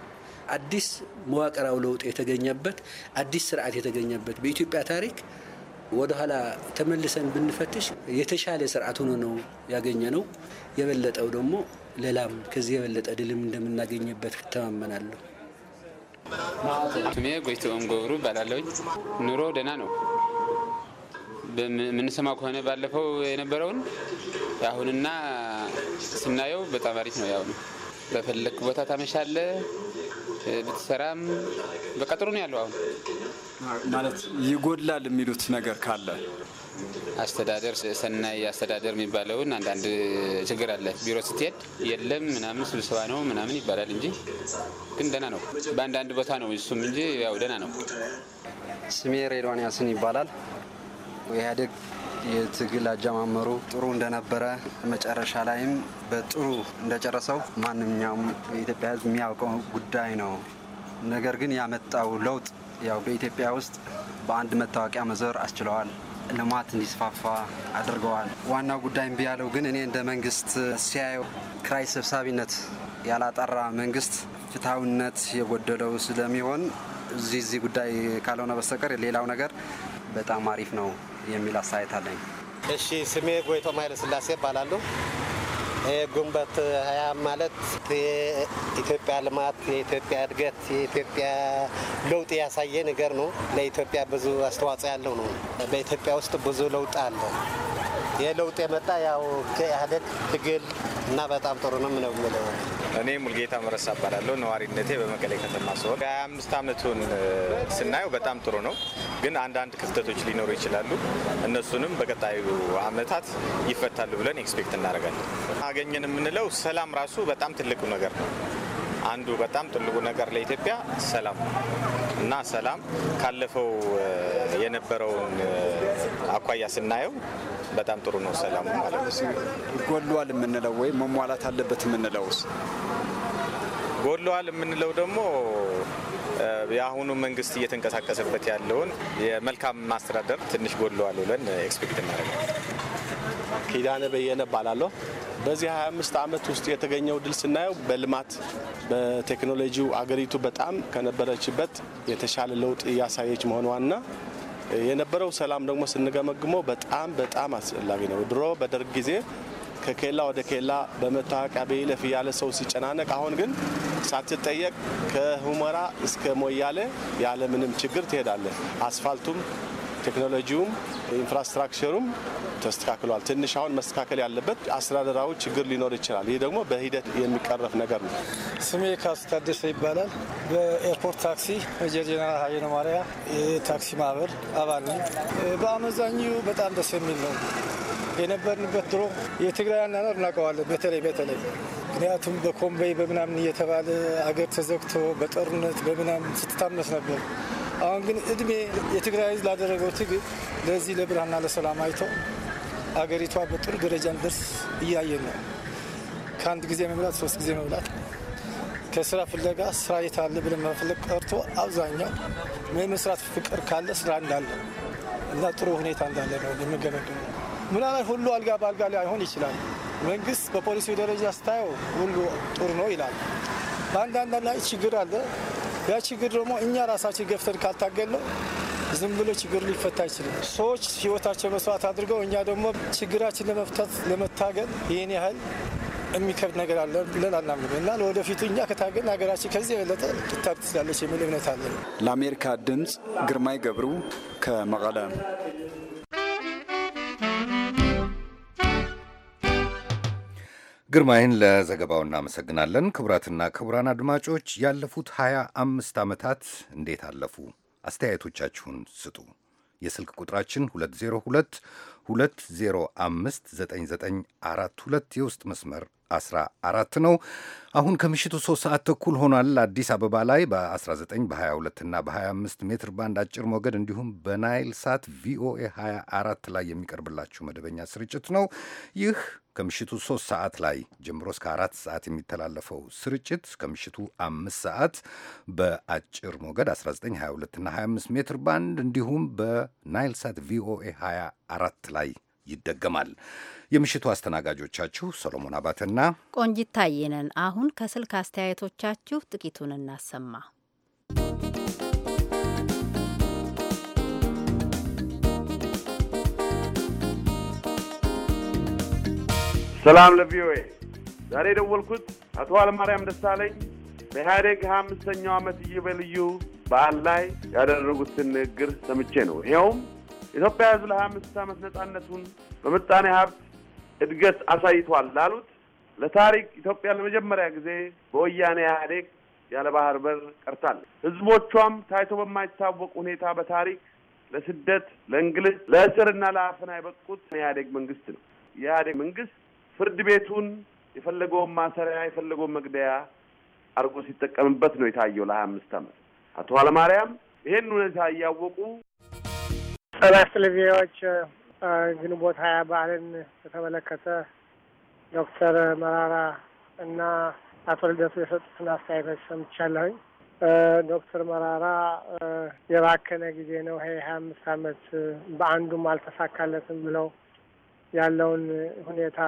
አዲስ መዋቅራዊ ለውጥ የተገኘበት አዲስ ስርዓት የተገኘበት በኢትዮጵያ ታሪክ ወደኋላ ተመልሰን ብንፈትሽ የተሻለ ስርዓት ሆኖ ነው ያገኘ ነው። የበለጠው ደግሞ ለላም ከዚህ የበለጠ ድልም እንደምናገኝበት እተማመናለሁ። ስሜ ጎይቶም ገብሩ እባላለሁኝ። ኑሮ ደህና ነው የምንሰማው ከሆነ ባለፈው የነበረውን አሁንና ስናየው በጣም አሪፍ ነው። ያሁኑ በፈለክ ቦታ ታመሻለ ብትሰራም በቃ ጥሩ ነው ያለው። አሁን ማለት ይጎድላል የሚሉት ነገር ካለ አስተዳደር ሰናይ አስተዳደር የሚባለውን አንዳንድ ችግር አለ። ቢሮ ስትሄድ የለም ምናምን ስብሰባ ነው ምናምን ይባላል እንጂ ግን ደህና ነው። በአንዳንድ ቦታ ነው እሱም እንጂ ያው ደህና ነው። ስሜ ሬድዋን ያስን ይባላል። ኢህአዴግ የትግል አጀማመሩ ጥሩ እንደነበረ መጨረሻ ላይም በጥሩ እንደጨረሰው ማንኛውም የኢትዮጵያ ሕዝብ የሚያውቀው ጉዳይ ነው። ነገር ግን ያመጣው ለውጥ ያው በኢትዮጵያ ውስጥ በአንድ መታወቂያ መዘር አስችለዋል። ልማት እንዲስፋፋ አድርገዋል። ዋና ጉዳይ እምቢ ያለው ግን እኔ እንደ መንግስት ሲያየው ክራይ ሰብሳቢነት ያላጠራ መንግስት ፍትሐዊነት የጎደለው ስለሚሆን እዚህ እዚህ ጉዳይ ካልሆነ በስተቀር ሌላው ነገር በጣም አሪፍ ነው የሚል አስተያየት አለኝ። እሺ፣ ስሜ ጎይቶም ስላሴ እባላለሁ። ግንቦት ሀያ ማለት የኢትዮጵያ ልማት፣ የኢትዮጵያ እድገት፣ የኢትዮጵያ ለውጥ ያሳየ ነገር ነው። ለኢትዮጵያ ብዙ አስተዋጽኦ ያለው ነው። በኢትዮጵያ ውስጥ ብዙ ለውጥ አለ። ይህ ለውጥ የመጣ ያው ከኢህአዴግ ትግል እና በጣም ጥሩ ነው የምለው እኔ ሙልጌታ መረሳ እባላለሁ። ነዋሪነቴ በመቀሌ ከተማ ሲሆን ከ25 ዓመቱን ስናየው በጣም ጥሩ ነው፣ ግን አንዳንድ ክፍተቶች ሊኖሩ ይችላሉ። እነሱንም በቀጣዩ ዓመታት ይፈታሉ ብለን ኤክስፔክት እናደርጋለን። አገኘን የምንለው ሰላም ራሱ በጣም ትልቁ ነገር ነው። አንዱ በጣም ትልቁ ነገር ለኢትዮጵያ ሰላም እና ሰላም ካለፈው የነበረውን አኳያ ስናየው በጣም ጥሩ ነው። ሰላሙ ማለት ጎሏል የምንለው ወይም መሟላት አለበት የምንለውስ ጎሏል የምንለው ደግሞ የአሁኑ መንግስት እየተንቀሳቀሰበት ያለውን የመልካም ማስተዳደር ትንሽ ጎሏል ብለን ኤክስፔክት እናደርጋለን። ኪዳነ በየነ እባላለሁ። በዚህ 25 ዓመት ውስጥ የተገኘው ድል ስናየው በልማት በቴክኖሎጂው አገሪቱ በጣም ከነበረችበት የተሻለ ለውጥ እያሳየች መሆኗና የነበረው ሰላም ደግሞ ስንገመግመው በጣም በጣም አስፈላጊ ነው። ድሮ በደርግ ጊዜ ከኬላ ወደ ኬላ በመታወቂያ በይለፍ እያለ ሰው ሲጨናነቅ፣ አሁን ግን ሳትጠየቅ ከሁመራ እስከ ሞያሌ ያለምንም ችግር ትሄዳለህ። አስፋልቱም ቴክኖሎጂውም ኢንፍራስትራክቸሩም ተስተካክሏል። ትንሽ አሁን መስተካከል ያለበት አስተዳደራዊ ችግር ሊኖር ይችላል። ይህ ደግሞ በሂደት የሚቀረፍ ነገር ነው። ስሜ ካሱ ታደሰ ይባላል። በኤርፖርት ታክሲ ሜጀር ጀነራል ሀየነ ማርያ የታክሲ ማህበር አባል ነኝ። በአመዛኙ በጣም ደስ የሚል ነው የነበርንበት ድሮ የትግራይ አናኖር እናውቀዋለን። በተለይ በተለይ ምክንያቱም በኮምበይ በምናምን እየተባለ አገር ተዘግቶ በጦርነት በምናምን ስትታመስ ነበር። አሁን ግን እድሜ የትግራይ ህዝብ ላደረገው ትግል ለዚህ ለብርሃንና ለሰላም አይቶ አገሪቷ በጥሩ ደረጃን ደርስ እያየን ነው። ከአንድ ጊዜ መብላት ሶስት ጊዜ መብላት ከስራ ፍለጋ ስራ የታለ አለ ብለን መፈለግ ቀርቶ አብዛኛው ምን መስራት ፍቅር ካለ ስራ እንዳለ እና ጥሩ ሁኔታ እንዳለ ነው የምገመገመ። ምናልባት ሁሉ አልጋ በአልጋ ላይ አይሆን ይችላል። መንግስት በፖሊሲ ደረጃ ስታየው ሁሉ ጥሩ ነው ይላል። በአንዳንድ ላይ ችግር አለ ያ ችግር ደግሞ እኛ ራሳችን ገፍተን ካልታገል ነው ዝም ብሎ ችግር ሊፈታ አይችልም። ሰዎች ህይወታቸው መስዋዕት አድርገው እኛ ደግሞ ችግራችን ለመፍታት ለመታገል ይህን ያህል የሚከብድ ነገር አለ ብለን አናምንም እና ለወደፊቱ እኛ ከታገል ሀገራችን ከዚህ የበለጠ ልታድግ ትችላለች የሚል እምነት አለ። ለአሜሪካ ድምፅ ግርማይ ገብሩ ከመቀለ ግርማይን ለዘገባው እናመሰግናለን። ክቡራትና ክቡራን አድማጮች ያለፉት ሀያ አምስት ዓመታት እንዴት አለፉ? አስተያየቶቻችሁን ስጡ። የስልክ ቁጥራችን 2022059942 የውስጥ መስመር 14 ነው። አሁን ከምሽቱ 3 ሰዓት ተኩል ሆኗል። አዲስ አበባ ላይ በ19 በ22 እና በ25 ሜትር ባንድ አጭር ሞገድ እንዲሁም በናይል ሳት ቪኦኤ 24 ላይ የሚቀርብላችሁ መደበኛ ስርጭት ነው። ይህ ከምሽቱ 3 ሰዓት ላይ ጀምሮ እስከ 4 ሰዓት የሚተላለፈው ስርጭት ከምሽቱ 5 ሰዓት በአጭር ሞገድ 19፣ 22 እና 25 ሜትር ባንድ እንዲሁም በናይል ሳት ቪኦኤ 24 ላይ ይደገማል። የምሽቱ አስተናጋጆቻችሁ ሰሎሞን አባተና ቆንጂት ታየ ነን። አሁን ከስልክ አስተያየቶቻችሁ ጥቂቱን እናሰማ። ሰላም ለቪኦኤ። ዛሬ የደወልኩት አቶ አለማርያም ደሳለኝ በኢህአዴግ ሀያ አምስተኛው ዓመት ኢዮቤልዩ በዓል ላይ ያደረጉትን ንግግር ሰምቼ ነው። ይኸውም ኢትዮጵያ ሕዝብ ለ25 ዓመት ነጻነቱን በምጣኔ ሀብት እድገት አሳይቷል ላሉት ለታሪክ ኢትዮጵያ ለመጀመሪያ ጊዜ በወያኔ ኢህአዴግ ያለ ባህር በር ቀርታለች። ሕዝቦቿም ታይቶ በማይታወቅ ሁኔታ በታሪክ ለስደት፣ ለእንግልት፣ ለእስርና ለአፈና የበቁት የኢህአዴግ መንግስት ነው። የኢህአዴግ መንግስት ፍርድ ቤቱን የፈለገውን ማሰሪያ የፈለገውን መግደያ አድርጎ ሲጠቀምበት ነው የታየው ለሀያ አምስት ዓመት አቶ ኃይለማርያም ይሄን ሁኔታ እያወቁ ሰባት ቴሌቪዥኖች ግንቦት ሀያ በዓልን በተመለከተ ዶክተር መራራ እና አቶ ልደቱ የሰጡትን አስተያየቶች ሰምቻለሁኝ። ዶክተር መራራ የባከነ ጊዜ ነው ሀ ሀያ አምስት አመት በአንዱም አልተሳካለትም ብለው ያለውን ሁኔታ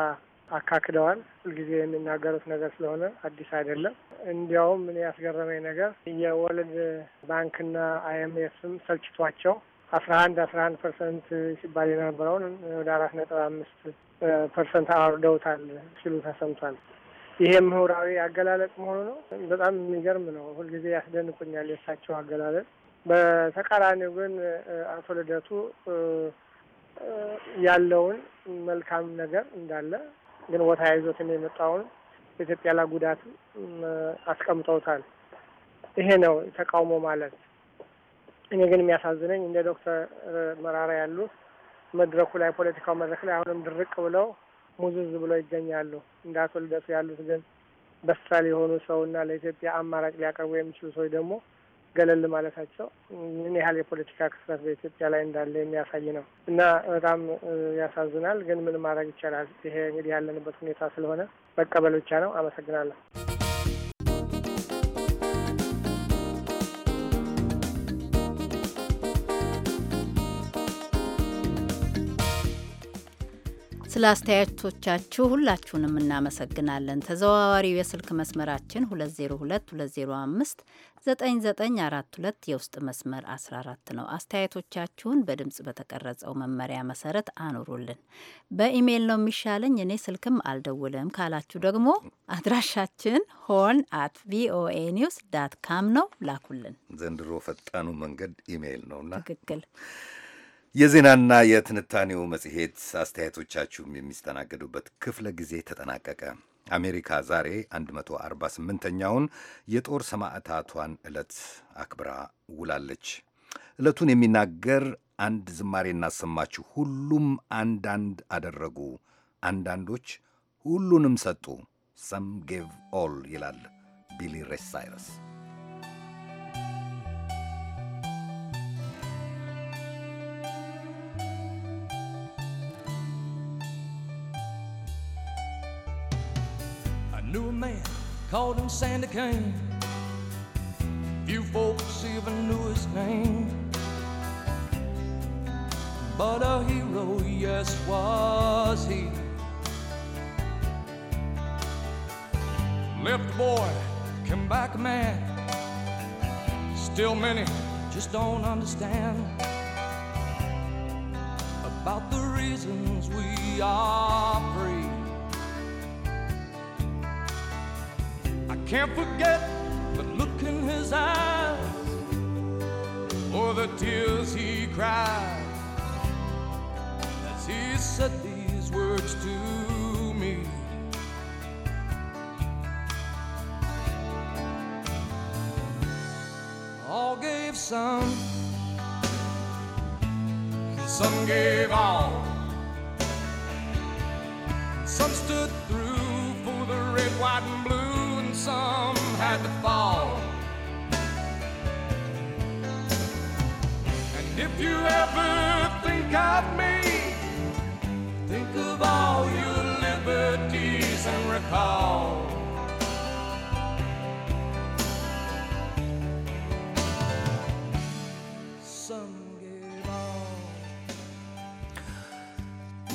አካክደዋል። ሁልጊዜ የሚናገሩት ነገር ስለሆነ አዲስ አይደለም። እንዲያውም እኔ ያስገረመኝ ነገር የወርልድ ባንክና አይኤምኤፍም ሰልችቷቸው አስራ አንድ አስራ አንድ ፐርሰንት ሲባል የነበረውን ወደ አራት ነጥብ አምስት ፐርሰንት አውርደውታል ሲሉ ተሰምቷል። ይሄ ምሁራዊ አገላለጽ መሆኑ ነው። በጣም የሚገርም ነው። ሁልጊዜ ያስደንቁኛል የእሳቸው አገላለጽ። በተቃራኒው ግን አቶ ልደቱ ያለውን መልካም ነገር እንዳለ ግን ቦታ ይዞትን የመጣውን ኢትዮጵያ ላይ ጉዳት አስቀምጠውታል። ይሄ ነው ተቃውሞ ማለት እኔ ግን የሚያሳዝነኝ እንደ ዶክተር መራራ ያሉ መድረኩ ላይ ፖለቲካው መድረክ ላይ አሁንም ድርቅ ብለው ሙዝዝ ብለው ይገኛሉ። እንደ አቶ ልደቱ ያሉት ግን በሳል የሆኑ እና ለኢትዮጵያ አማራጭ ሊያቀርቡ የሚችሉ ሰዎች ደግሞ ገለል ማለታቸው ምን ያህል የፖለቲካ ክስረት በኢትዮጵያ ላይ እንዳለ የሚያሳይ ነው እና በጣም ያሳዝናል። ግን ምን ማድረግ ይቻላል? ይሄ እንግዲህ ያለንበት ሁኔታ ስለሆነ መቀበል ብቻ ነው። አመሰግናለሁ። ስለ አስተያየቶቻችሁ ሁላችሁንም እናመሰግናለን። ተዘዋዋሪው የስልክ መስመራችን 2022059942 የውስጥ መስመር 14 ነው። አስተያየቶቻችሁን በድምፅ በተቀረጸው መመሪያ መሰረት አኑሩልን። በኢሜይል ነው የሚሻለኝ እኔ ስልክም አልደውልም ካላችሁ ደግሞ አድራሻችን ሆን አት ቪኦኤ ኒውስ ዳት ካም ነው። ላኩልን። ዘንድሮ ፈጣኑ መንገድ ኢሜይል ነውና ትክክል የዜናና የትንታኔው መጽሔት አስተያየቶቻችሁም የሚስተናገዱበት ክፍለ ጊዜ ተጠናቀቀ። አሜሪካ ዛሬ 148ኛውን የጦር ሰማዕታቷን ዕለት አክብራ ውላለች። ዕለቱን የሚናገር አንድ ዝማሬ እናሰማችሁ። ሁሉም አንዳንድ አደረጉ፣ አንዳንዶች ሁሉንም ሰጡ፣ ሰም ጌቭ ኦል ይላል ቢሊ ሬስ ሳይረስ knew a man called him Sandy Kane. Few folks even knew his name. But a hero, yes, was he. Left a boy, came back a man. Still many just don't understand about the reasons we are Can't forget the look in his eyes or the tears he cried as he said these words to me. All gave some, some gave all. had to fall. And if you ever think of me, think of all your liberties and recall.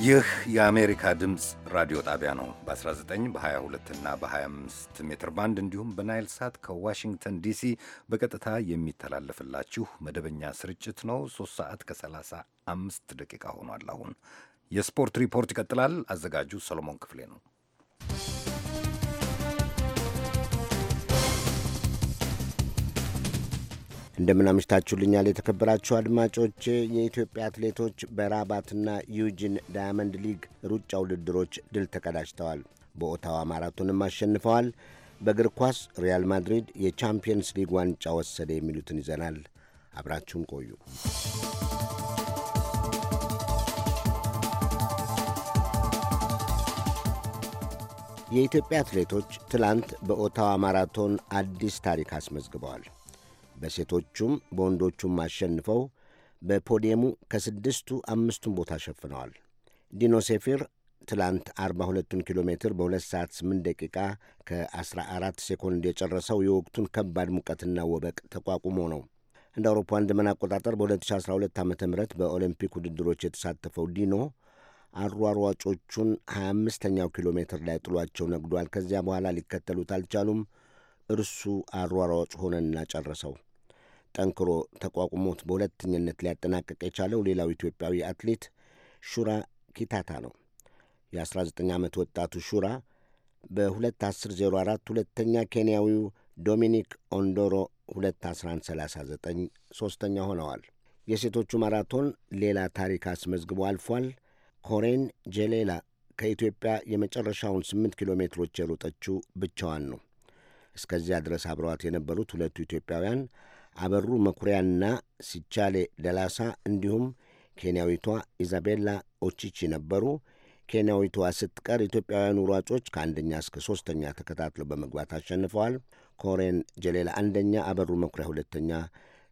ይህ የአሜሪካ ድምፅ ራዲዮ ጣቢያ ነው። በ19 በ22 እና በ25 ሜትር ባንድ እንዲሁም በናይል ሳት ከዋሽንግተን ዲሲ በቀጥታ የሚተላለፍላችሁ መደበኛ ስርጭት ነው። 3 ሰዓት ከ35 ደቂቃ ሆኗል። አሁን የስፖርት ሪፖርት ይቀጥላል። አዘጋጁ ሰሎሞን ክፍሌ ነው። እንደምናምሽታችሁልኛል የተከበራችሁ አድማጮች። የኢትዮጵያ አትሌቶች በራባትና ዩጂን ዳያመንድ ሊግ ሩጫ ውድድሮች ድል ተቀዳጅተዋል። በኦታዋ ማራቶንም አሸንፈዋል። በእግር ኳስ ሪያል ማድሪድ የቻምፒየንስ ሊግ ዋንጫ ወሰደ። የሚሉትን ይዘናል። አብራችሁን ቆዩ። የኢትዮጵያ አትሌቶች ትላንት በኦታዋ ማራቶን አዲስ ታሪክ አስመዝግበዋል። በሴቶቹም በወንዶቹም አሸንፈው በፖዲየሙ ከስድስቱ አምስቱን ቦታ ሸፍነዋል። ዲኖ ሴፊር ትላንት 42ቱን ኪሎ ሜትር በ2 ሰዓት 8 ደቂቃ ከ14 ሴኮንድ የጨረሰው የወቅቱን ከባድ ሙቀትና ወበቅ ተቋቁሞ ነው። እንደ አውሮፓውያን ዘመን አቆጣጠር በ2012 ዓ ም በኦሎምፒክ ውድድሮች የተሳተፈው ዲኖ አሯሯጮቹን 25ኛው ኪሎ ሜትር ላይ ጥሏቸው ነግዷል። ከዚያ በኋላ ሊከተሉት አልቻሉም። እርሱ አሯሯጭ ሆነና ጨረሰው። ጠንክሮ ተቋቁሞት በሁለተኝነት ሊያጠናቀቅ የቻለው ሌላው ኢትዮጵያዊ አትሌት ሹራ ኪታታ ነው። የ19 ዓመት ወጣቱ ሹራ በ21004 ሁለተኛ፣ ኬንያዊው ዶሚኒክ ኦንዶሮ 21139 ሦስተኛ ሆነዋል። የሴቶቹ ማራቶን ሌላ ታሪክ አስመዝግቦ አልፏል። ኮሬን ጄሌላ ከኢትዮጵያ የመጨረሻውን 8 ኪሎ ሜትሮች የሮጠችው ብቻዋን ነው። እስከዚያ ድረስ አብረዋት የነበሩት ሁለቱ ኢትዮጵያውያን አበሩ መኩሪያና ሲቻሌ ደላሳ እንዲሁም ኬንያዊቷ ኢዛቤላ ኦቺቺ ነበሩ። ኬንያዊቷ ስትቀር ኢትዮጵያውያኑ ሯጮች ከአንደኛ እስከ ሦስተኛ ተከታትለው በመግባት አሸንፈዋል። ኮሬን ጀሌላ አንደኛ፣ አበሩ መኩሪያ ሁለተኛ፣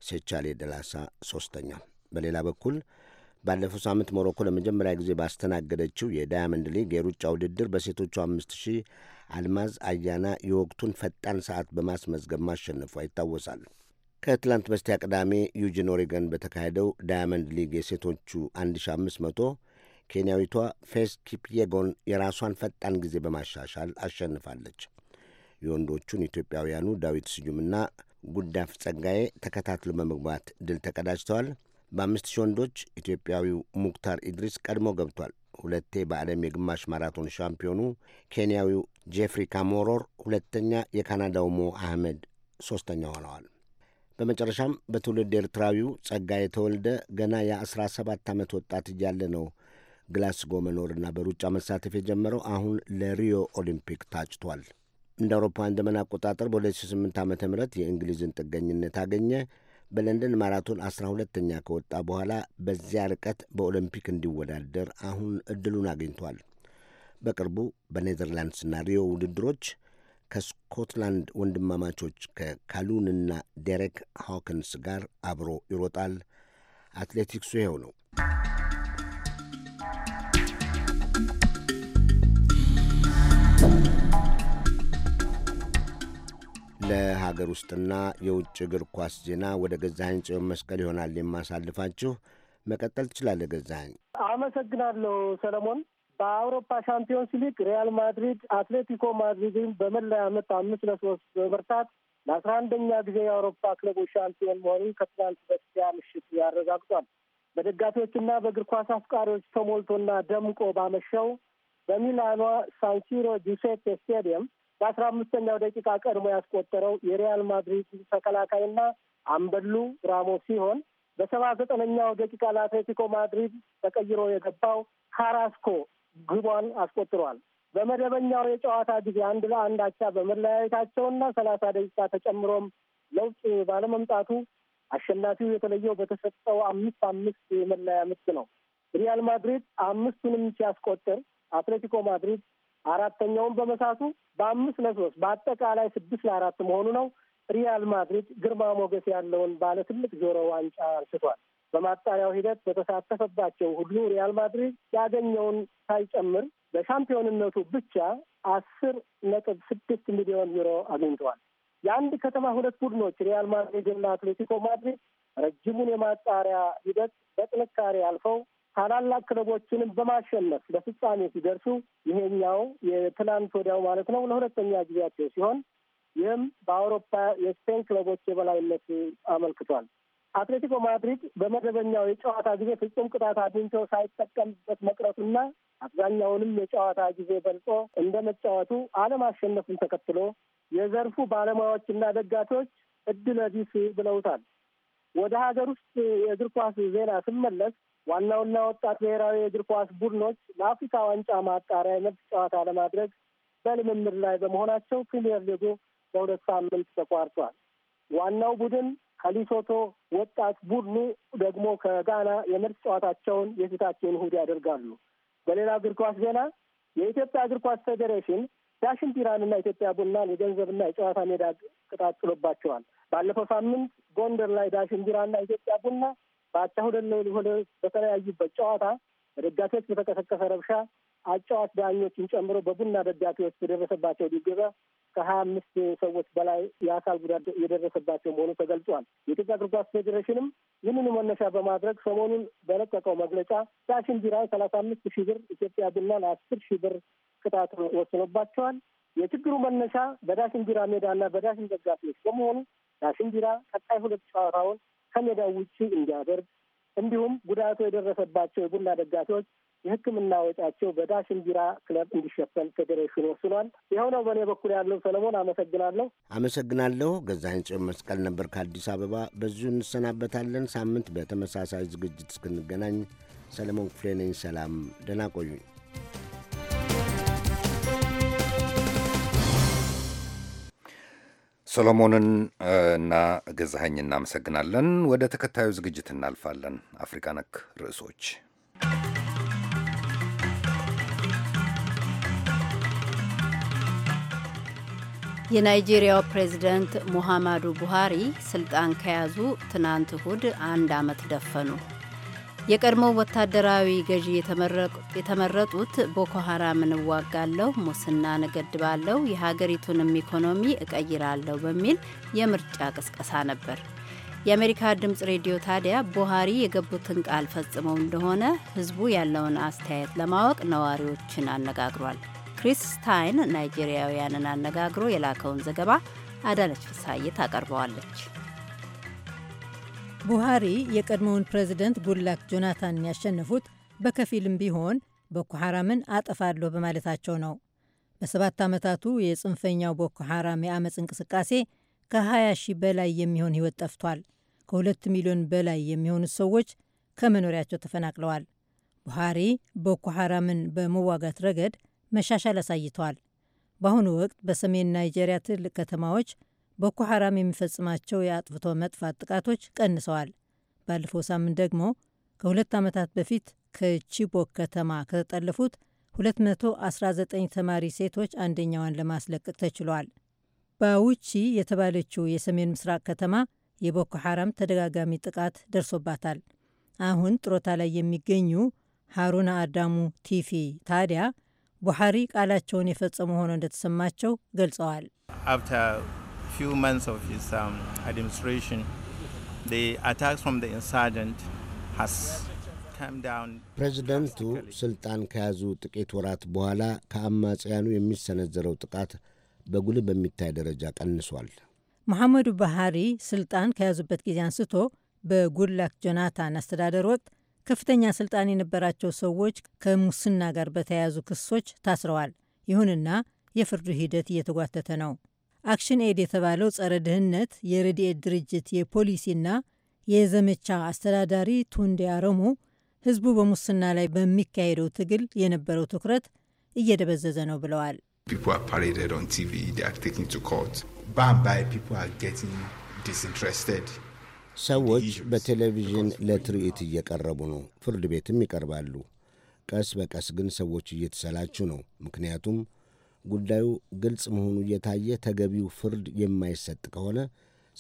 ሴቻሌ ደላሳ ሦስተኛ። በሌላ በኩል ባለፈው ሳምንት ሞሮኮ ለመጀመሪያ ጊዜ ባስተናገደችው የዳያመንድ ሊግ የሩጫ ውድድር በሴቶቹ አምስት ሺህ አልማዝ አያና የወቅቱን ፈጣን ሰዓት በማስመዝገብ ማሸነፏ ይታወሳል። ከትላንት በስቲያ ቅዳሜ ዩጂን ኦሬገን በተካሄደው ዳያመንድ ሊግ የሴቶቹ 1500 ኬንያዊቷ ፌስ ኪፕየጎን የራሷን ፈጣን ጊዜ በማሻሻል አሸንፋለች። የወንዶቹን ኢትዮጵያውያኑ ዳዊት ስዩምና ጉዳፍ ጸጋዬ ተከታትሎ በመግባት ድል ተቀዳጅተዋል። በአምስት ሺህ ወንዶች ኢትዮጵያዊው ሙክታር ኢድሪስ ቀድሞ ገብቷል። ሁለቴ በዓለም የግማሽ ማራቶን ሻምፒዮኑ ኬንያዊው ጄፍሪ ካሞሮር ሁለተኛ፣ የካናዳው ሞ አህመድ ሦስተኛ ሆነዋል። በመጨረሻም በትውልድ ኤርትራዊው ጸጋ የተወልደ ገና የ17 ዓመት ወጣት እያለ ነው ግላስጎ መኖርና በሩጫ መሳተፍ የጀመረው። አሁን ለሪዮ ኦሊምፒክ ታጭቷል። እንደ አውሮፓውያን ዘመን አቆጣጠር በ2008 ዓ ም የእንግሊዝን ጥገኝነት አገኘ። በለንደን ማራቶን 12ተኛ ከወጣ በኋላ በዚያ ርቀት በኦሎምፒክ እንዲወዳደር አሁን እድሉን አግኝቷል። በቅርቡ በኔዘርላንድስና ሪዮ ውድድሮች ከስኮትላንድ ወንድማማቾች ከካሉንና ዴሬክ ሃውኪንስ ጋር አብሮ ይሮጣል። አትሌቲክሱ ይኸው ነው። ለሀገር ውስጥና የውጭ እግር ኳስ ዜና ወደ ገዛኸኝ ጽዮን መስቀል ይሆናል የማሳልፋችሁ። መቀጠል ትችላለህ ገዛኸኝ። አመሰግናለሁ ሰለሞን። በአውሮፓ ሻምፒዮንስ ሊግ ሪያል ማድሪድ አትሌቲኮ ማድሪድን በመለያ ምት አምስት ለሶስት በመርታት ለአስራ አንደኛ ጊዜ የአውሮፓ ክለቦች ሻምፒዮን መሆኑን ከትናንት በስቲያ ምሽት ያረጋግጧል። በደጋፊዎችና በእግር ኳስ አፍቃሪዎች ተሞልቶና ደምቆ ባመሸው በሚላኗ ሳንሲሮ ጁሴፔ ስቴዲየም በአስራ አምስተኛው ደቂቃ ቀድሞ ያስቆጠረው የሪያል ማድሪድ ተከላካይና አምበሉ ራሞስ ሲሆን በሰባ ዘጠነኛው ደቂቃ ለአትሌቲኮ ማድሪድ ተቀይሮ የገባው ካራስኮ ግቧን አስቆጥሯል። በመደበኛው የጨዋታ ጊዜ አንድ ለአንድ አቻ በመለያየታቸውና ሰላሳ ደቂቃ ተጨምሮም ለውጥ ባለመምጣቱ አሸናፊው የተለየው በተሰጠው አምስት አምስት የመለያ ምት ነው። ሪያል ማድሪድ አምስቱንም ሲያስቆጥር አትሌቲኮ ማድሪድ አራተኛውን በመሳቱ በአምስት ለሶስት በአጠቃላይ ስድስት ለአራት መሆኑ ነው። ሪያል ማድሪድ ግርማ ሞገስ ያለውን ባለ ትልቅ ጆሮ ዋንጫ አንስቷል። በማጣሪያው ሂደት በተሳተፈባቸው ሁሉ ሪያል ማድሪድ ያገኘውን ሳይጨምር በሻምፒዮንነቱ ብቻ አስር ነጥብ ስድስት ሚሊዮን ዩሮ አግኝተዋል። የአንድ ከተማ ሁለት ቡድኖች ሪያል ማድሪድ እና አትሌቲኮ ማድሪድ ረጅሙን የማጣሪያ ሂደት በጥንካሬ አልፈው ታላላቅ ክለቦችንም በማሸነፍ በፍጻሜ ሲደርሱ ይሄኛው የትላንት ወዲያው ማለት ነው ለሁለተኛ ጊዜያቸው ሲሆን ይህም በአውሮፓ የስፔን ክለቦች የበላይነት አመልክቷል። አትሌቲኮ ማድሪድ በመደበኛው የጨዋታ ጊዜ ፍጹም ቅጣት አግኝቶ ሳይጠቀምበት መቅረቱና አብዛኛውንም የጨዋታ ጊዜ በልጦ እንደ መጫወቱ አለማሸነፉን ተከትሎ የዘርፉ ባለሙያዎችና ደጋፊዎች እድለ ቢስ ብለውታል። ወደ ሀገር ውስጥ የእግር ኳስ ዜና ስመለስ ዋናውና ወጣት ብሔራዊ የእግር ኳስ ቡድኖች ለአፍሪካ ዋንጫ ማጣሪያ የመልስ ጨዋታ ለማድረግ በልምምድ ላይ በመሆናቸው ፕሪሚየር ሊጉ በሁለት ሳምንት ተቋርጧል። ዋናው ቡድን ከሊሶቶ ወጣት ቡድኑ ደግሞ ከጋና የመልስ ጨዋታቸውን የፊታችን እሁድ ያደርጋሉ። በሌላ እግር ኳስ ዜና የኢትዮጵያ እግር ኳስ ፌዴሬሽን ዳሽን ቢራንና ኢትዮጵያ ቡናን የገንዘብና የጨዋታ ሜዳ ቅጣት ጥሎባቸዋል። ባለፈው ሳምንት ጎንደር ላይ ዳሽን ቢራና ኢትዮጵያ ቡና በአቻ ሁለት ለሁለት በተለያዩበት ጨዋታ በደጋፊዎች በተቀሰቀሰ ረብሻ አጫዋች ዳኞችን ጨምሮ በቡና ደጋፊዎች የደረሰባቸው ድብደባ ከሀያ አምስት ሰዎች በላይ የአካል ጉዳት የደረሰባቸው መሆኑ ተገልጿል። የኢትዮጵያ እግር ኳስ ፌዴሬሽንም ይህንኑ መነሻ በማድረግ ሰሞኑን በለቀቀው መግለጫ ዳሽን ቢራ ሰላሳ አምስት ሺህ ብር፣ ኢትዮጵያ ቡናን አስር ሺህ ብር ቅጣት ወስኖባቸዋል። የችግሩ መነሻ በዳሽን ቢራ ሜዳና በዳሽን ደጋፊዎች በመሆኑ ዳሽን ቢራ ቀጣይ ሁለት ጨዋታውን ከሜዳው ውጪ እንዲያደርግ እንዲሁም ጉዳቱ የደረሰባቸው የቡና ደጋፊዎች የሕክምና ወጪያቸው በዳሽን ቢራ ክለብ እንዲሸፈን ፌዴሬሽን ወስኗል። ይኸው ነው በእኔ በኩል ያለው። ሰለሞን አመሰግናለሁ። አመሰግናለሁ። ገዛኸኝ ጽዮን መስቀል ነበር ከአዲስ አበባ። በዚሁ እንሰናበታለን። ሳምንት በተመሳሳይ ዝግጅት እስክንገናኝ ሰለሞን ክፍሌ ነኝ። ሰላም፣ ደህና ቆዩኝ። ሰሎሞንን እና ገዛኸኝ እናመሰግናለን። ወደ ተከታዩ ዝግጅት እናልፋለን። አፍሪካ ነክ ርዕሶች የናይጄሪያው ፕሬዚደንት ሙሐማዱ ቡሃሪ ስልጣን ከያዙ ትናንት እሁድ አንድ ዓመት ደፈኑ። የቀድሞ ወታደራዊ ገዢ የተመረጡት ቦኮ ሀራምን እዋጋለሁ፣ ሙስናን እገድባለሁ፣ የሀገሪቱንም ኢኮኖሚ እቀይራለሁ በሚል የምርጫ ቅስቀሳ ነበር። የአሜሪካ ድምፅ ሬዲዮ ታዲያ ቡሃሪ የገቡትን ቃል ፈጽመው እንደሆነ ህዝቡ ያለውን አስተያየት ለማወቅ ነዋሪዎችን አነጋግሯል። ክሪስ ስታይን ናይጄሪያውያንን አነጋግሮ የላከውን ዘገባ አዳነች ፍሳዬ ታቀርበዋለች። ቡሃሪ የቀድሞውን ፕሬዚደንት ጉድላክ ጆናታንን ያሸነፉት በከፊልም ቢሆን ቦኮ ሐራምን አጠፋለሁ በማለታቸው ነው። በሰባት ዓመታቱ የጽንፈኛው ቦኮ ሐራም የአመፅ እንቅስቃሴ ከ20 ሺህ በላይ የሚሆን ህይወት ጠፍቷል። ከሁለት ሚሊዮን በላይ የሚሆኑት ሰዎች ከመኖሪያቸው ተፈናቅለዋል። ቡሃሪ ቦኮ ሐራምን በመዋጋት ረገድ መሻሻል አሳይተዋል። በአሁኑ ወቅት በሰሜን ናይጄሪያ ትልቅ ከተማዎች ቦኮ ሐራም የሚፈጽማቸው የአጥፍቶ መጥፋት ጥቃቶች ቀንሰዋል። ባለፈው ሳምንት ደግሞ ከሁለት ዓመታት በፊት ከቺቦክ ከተማ ከተጠለፉት 219 ተማሪ ሴቶች አንደኛዋን ለማስለቀቅ ተችሏል። ባውቺ የተባለችው የሰሜን ምስራቅ ከተማ የቦኮ ሐራም ተደጋጋሚ ጥቃት ደርሶባታል። አሁን ጥሮታ ላይ የሚገኙ ሃሩና አዳሙ ቲፊ ታዲያ ቡሐሪ ቃላቸውን የፈጸሙ ሆነው እንደተሰማቸው ገልጸዋል። um, ፕሬዚደንቱ ስልጣን ከያዙ ጥቂት ወራት በኋላ ከአማጽያኑ የሚሰነዘረው ጥቃት በጉልህ በሚታይ ደረጃ ቀንሷል። መሐመዱ ባህሪ ስልጣን ከያዙበት ጊዜ አንስቶ በጉድላክ ጆናታን አስተዳደር ወቅት ከፍተኛ ስልጣን የነበራቸው ሰዎች ከሙስና ጋር በተያያዙ ክሶች ታስረዋል። ይሁንና የፍርዱ ሂደት እየተጓተተ ነው። አክሽን ኤድ የተባለው ጸረ ድህነት የረድኤት ድርጅት የፖሊሲና የዘመቻ አስተዳዳሪ ቱንዴ አረሙ ህዝቡ በሙስና ላይ በሚካሄደው ትግል የነበረው ትኩረት እየደበዘዘ ነው ብለዋል። ቲቪ ሰዎች በቴሌቪዥን ለትርኢት እየቀረቡ ነው፣ ፍርድ ቤትም ይቀርባሉ። ቀስ በቀስ ግን ሰዎች እየተሰላችሁ ነው። ምክንያቱም ጉዳዩ ግልጽ መሆኑ እየታየ ተገቢው ፍርድ የማይሰጥ ከሆነ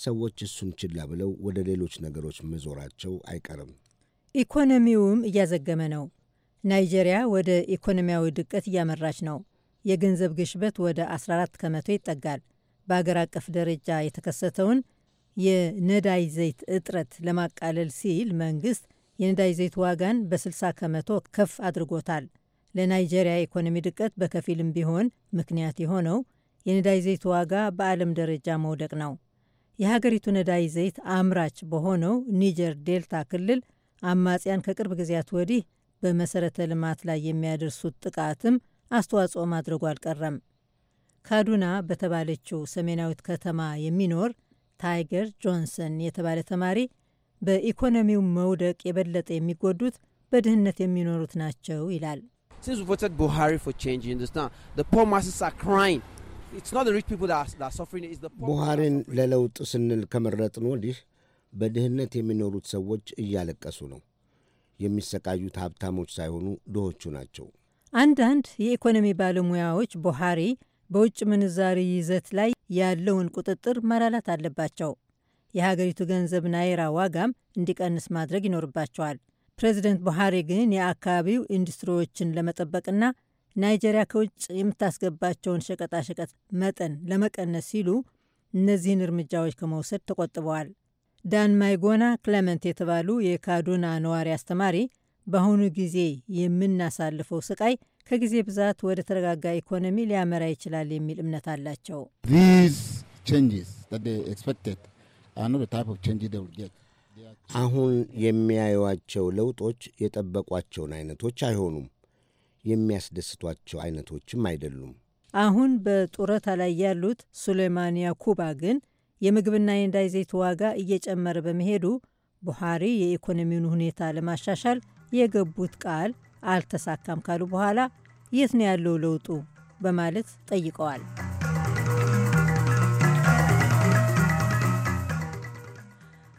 ሰዎች እሱን ችላ ብለው ወደ ሌሎች ነገሮች መዞራቸው አይቀርም። ኢኮኖሚውም እያዘገመ ነው። ናይጄሪያ ወደ ኢኮኖሚያዊ ድቀት እያመራች ነው። የገንዘብ ግሽበት ወደ 14 ከመቶ ይጠጋል። በአገር አቀፍ ደረጃ የተከሰተውን የነዳጅ ዘይት እጥረት ለማቃለል ሲል መንግስት የነዳጅ ዘይት ዋጋን በ60 ከመቶ ከፍ አድርጎታል። ለናይጄሪያ ኢኮኖሚ ድቀት በከፊልም ቢሆን ምክንያት የሆነው የነዳጅ ዘይት ዋጋ በዓለም ደረጃ መውደቅ ነው። የሀገሪቱ ነዳጅ ዘይት አምራች በሆነው ኒጀር ዴልታ ክልል አማጽያን ከቅርብ ጊዜያት ወዲህ በመሰረተ ልማት ላይ የሚያደርሱት ጥቃትም አስተዋጽኦ ማድረጉ አልቀረም። ካዱና በተባለችው ሰሜናዊት ከተማ የሚኖር ታይገር ጆንሰን የተባለ ተማሪ በኢኮኖሚው መውደቅ የበለጠ የሚጎዱት በድህነት የሚኖሩት ናቸው ይላል። ቡሃሪን ለለውጥ ስንል ከመረጥን ወዲህ በድህነት የሚኖሩት ሰዎች እያለቀሱ ነው። የሚሰቃዩት ሀብታሞች ሳይሆኑ ድሆቹ ናቸው። አንዳንድ የኢኮኖሚ ባለሙያዎች ቡሃሪ በውጭ ምንዛሪ ይዘት ላይ ያለውን ቁጥጥር መላላት አለባቸው። የሀገሪቱ ገንዘብ ናይራ ዋጋም እንዲቀንስ ማድረግ ይኖርባቸዋል። ፕሬዚደንት ቡሃሪ ግን የአካባቢው ኢንዱስትሪዎችን ለመጠበቅና ናይጄሪያ ከውጭ የምታስገባቸውን ሸቀጣሸቀጥ መጠን ለመቀነስ ሲሉ እነዚህን እርምጃዎች ከመውሰድ ተቆጥበዋል። ዳን ማይጎና ክለመንት የተባሉ የካዱና ነዋሪ አስተማሪ በአሁኑ ጊዜ የምናሳልፈው ስቃይ ከጊዜ ብዛት ወደ ተረጋጋ ኢኮኖሚ ሊያመራ ይችላል የሚል እምነት አላቸው። አሁን የሚያዩዋቸው ለውጦች የጠበቋቸውን አይነቶች አይሆኑም፣ የሚያስደስቷቸው አይነቶችም አይደሉም። አሁን በጡረታ ላይ ያሉት ሱሌማን ያኩባ ግን የምግብና የነዳጅ ዘይት ዋጋ እየጨመረ በመሄዱ ቡሃሪ የኢኮኖሚውን ሁኔታ ለማሻሻል የገቡት ቃል አልተሳካም ካሉ በኋላ የት ነው ያለው ለውጡ በማለት ጠይቀዋል።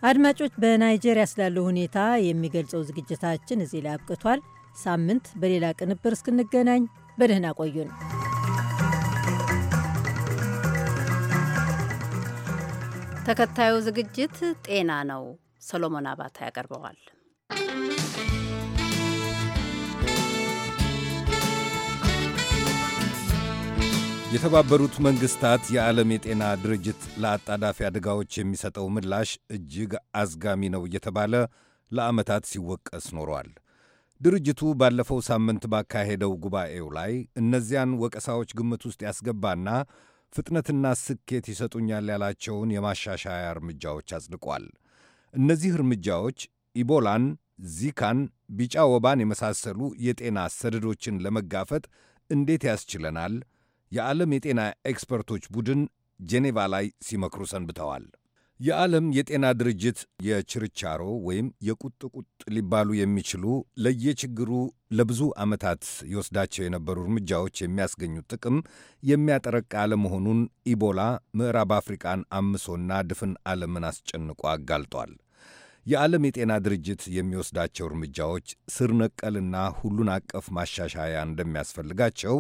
አድማጮች፣ በናይጄሪያ ስላለው ሁኔታ የሚገልጸው ዝግጅታችን እዚህ ላይ አብቅቷል። ሳምንት በሌላ ቅንብር እስክንገናኝ በደህና ቆዩን። ተከታዩ ዝግጅት ጤና ነው። ሰሎሞን አባታ ያቀርበዋል። የተባበሩት መንግስታት የዓለም የጤና ድርጅት ለአጣዳፊ አደጋዎች የሚሰጠው ምላሽ እጅግ አዝጋሚ ነው እየተባለ ለዓመታት ሲወቀስ ኖሯል። ድርጅቱ ባለፈው ሳምንት ባካሄደው ጉባኤው ላይ እነዚያን ወቀሳዎች ግምት ውስጥ ያስገባና ፍጥነትና ስኬት ይሰጡኛል ያላቸውን የማሻሻያ እርምጃዎች አጽድቋል። እነዚህ እርምጃዎች ኢቦላን፣ ዚካን፣ ቢጫ ወባን የመሳሰሉ የጤና ሰደዶችን ለመጋፈጥ እንዴት ያስችለናል የዓለም የጤና ኤክስፐርቶች ቡድን ጄኔቫ ላይ ሲመክሩ ሰንብተዋል። የዓለም የጤና ድርጅት የችርቻሮ ወይም የቁጥቁጥ ሊባሉ የሚችሉ ለየችግሩ ለብዙ ዓመታት ይወስዳቸው የነበሩ እርምጃዎች የሚያስገኙት ጥቅም የሚያጠረቃ አለመሆኑን ኢቦላ ምዕራብ አፍሪቃን አምሶና ድፍን ዓለምን አስጨንቆ አጋልጧል። የዓለም የጤና ድርጅት የሚወስዳቸው እርምጃዎች ስር ነቀልና ሁሉን አቀፍ ማሻሻያ እንደሚያስፈልጋቸው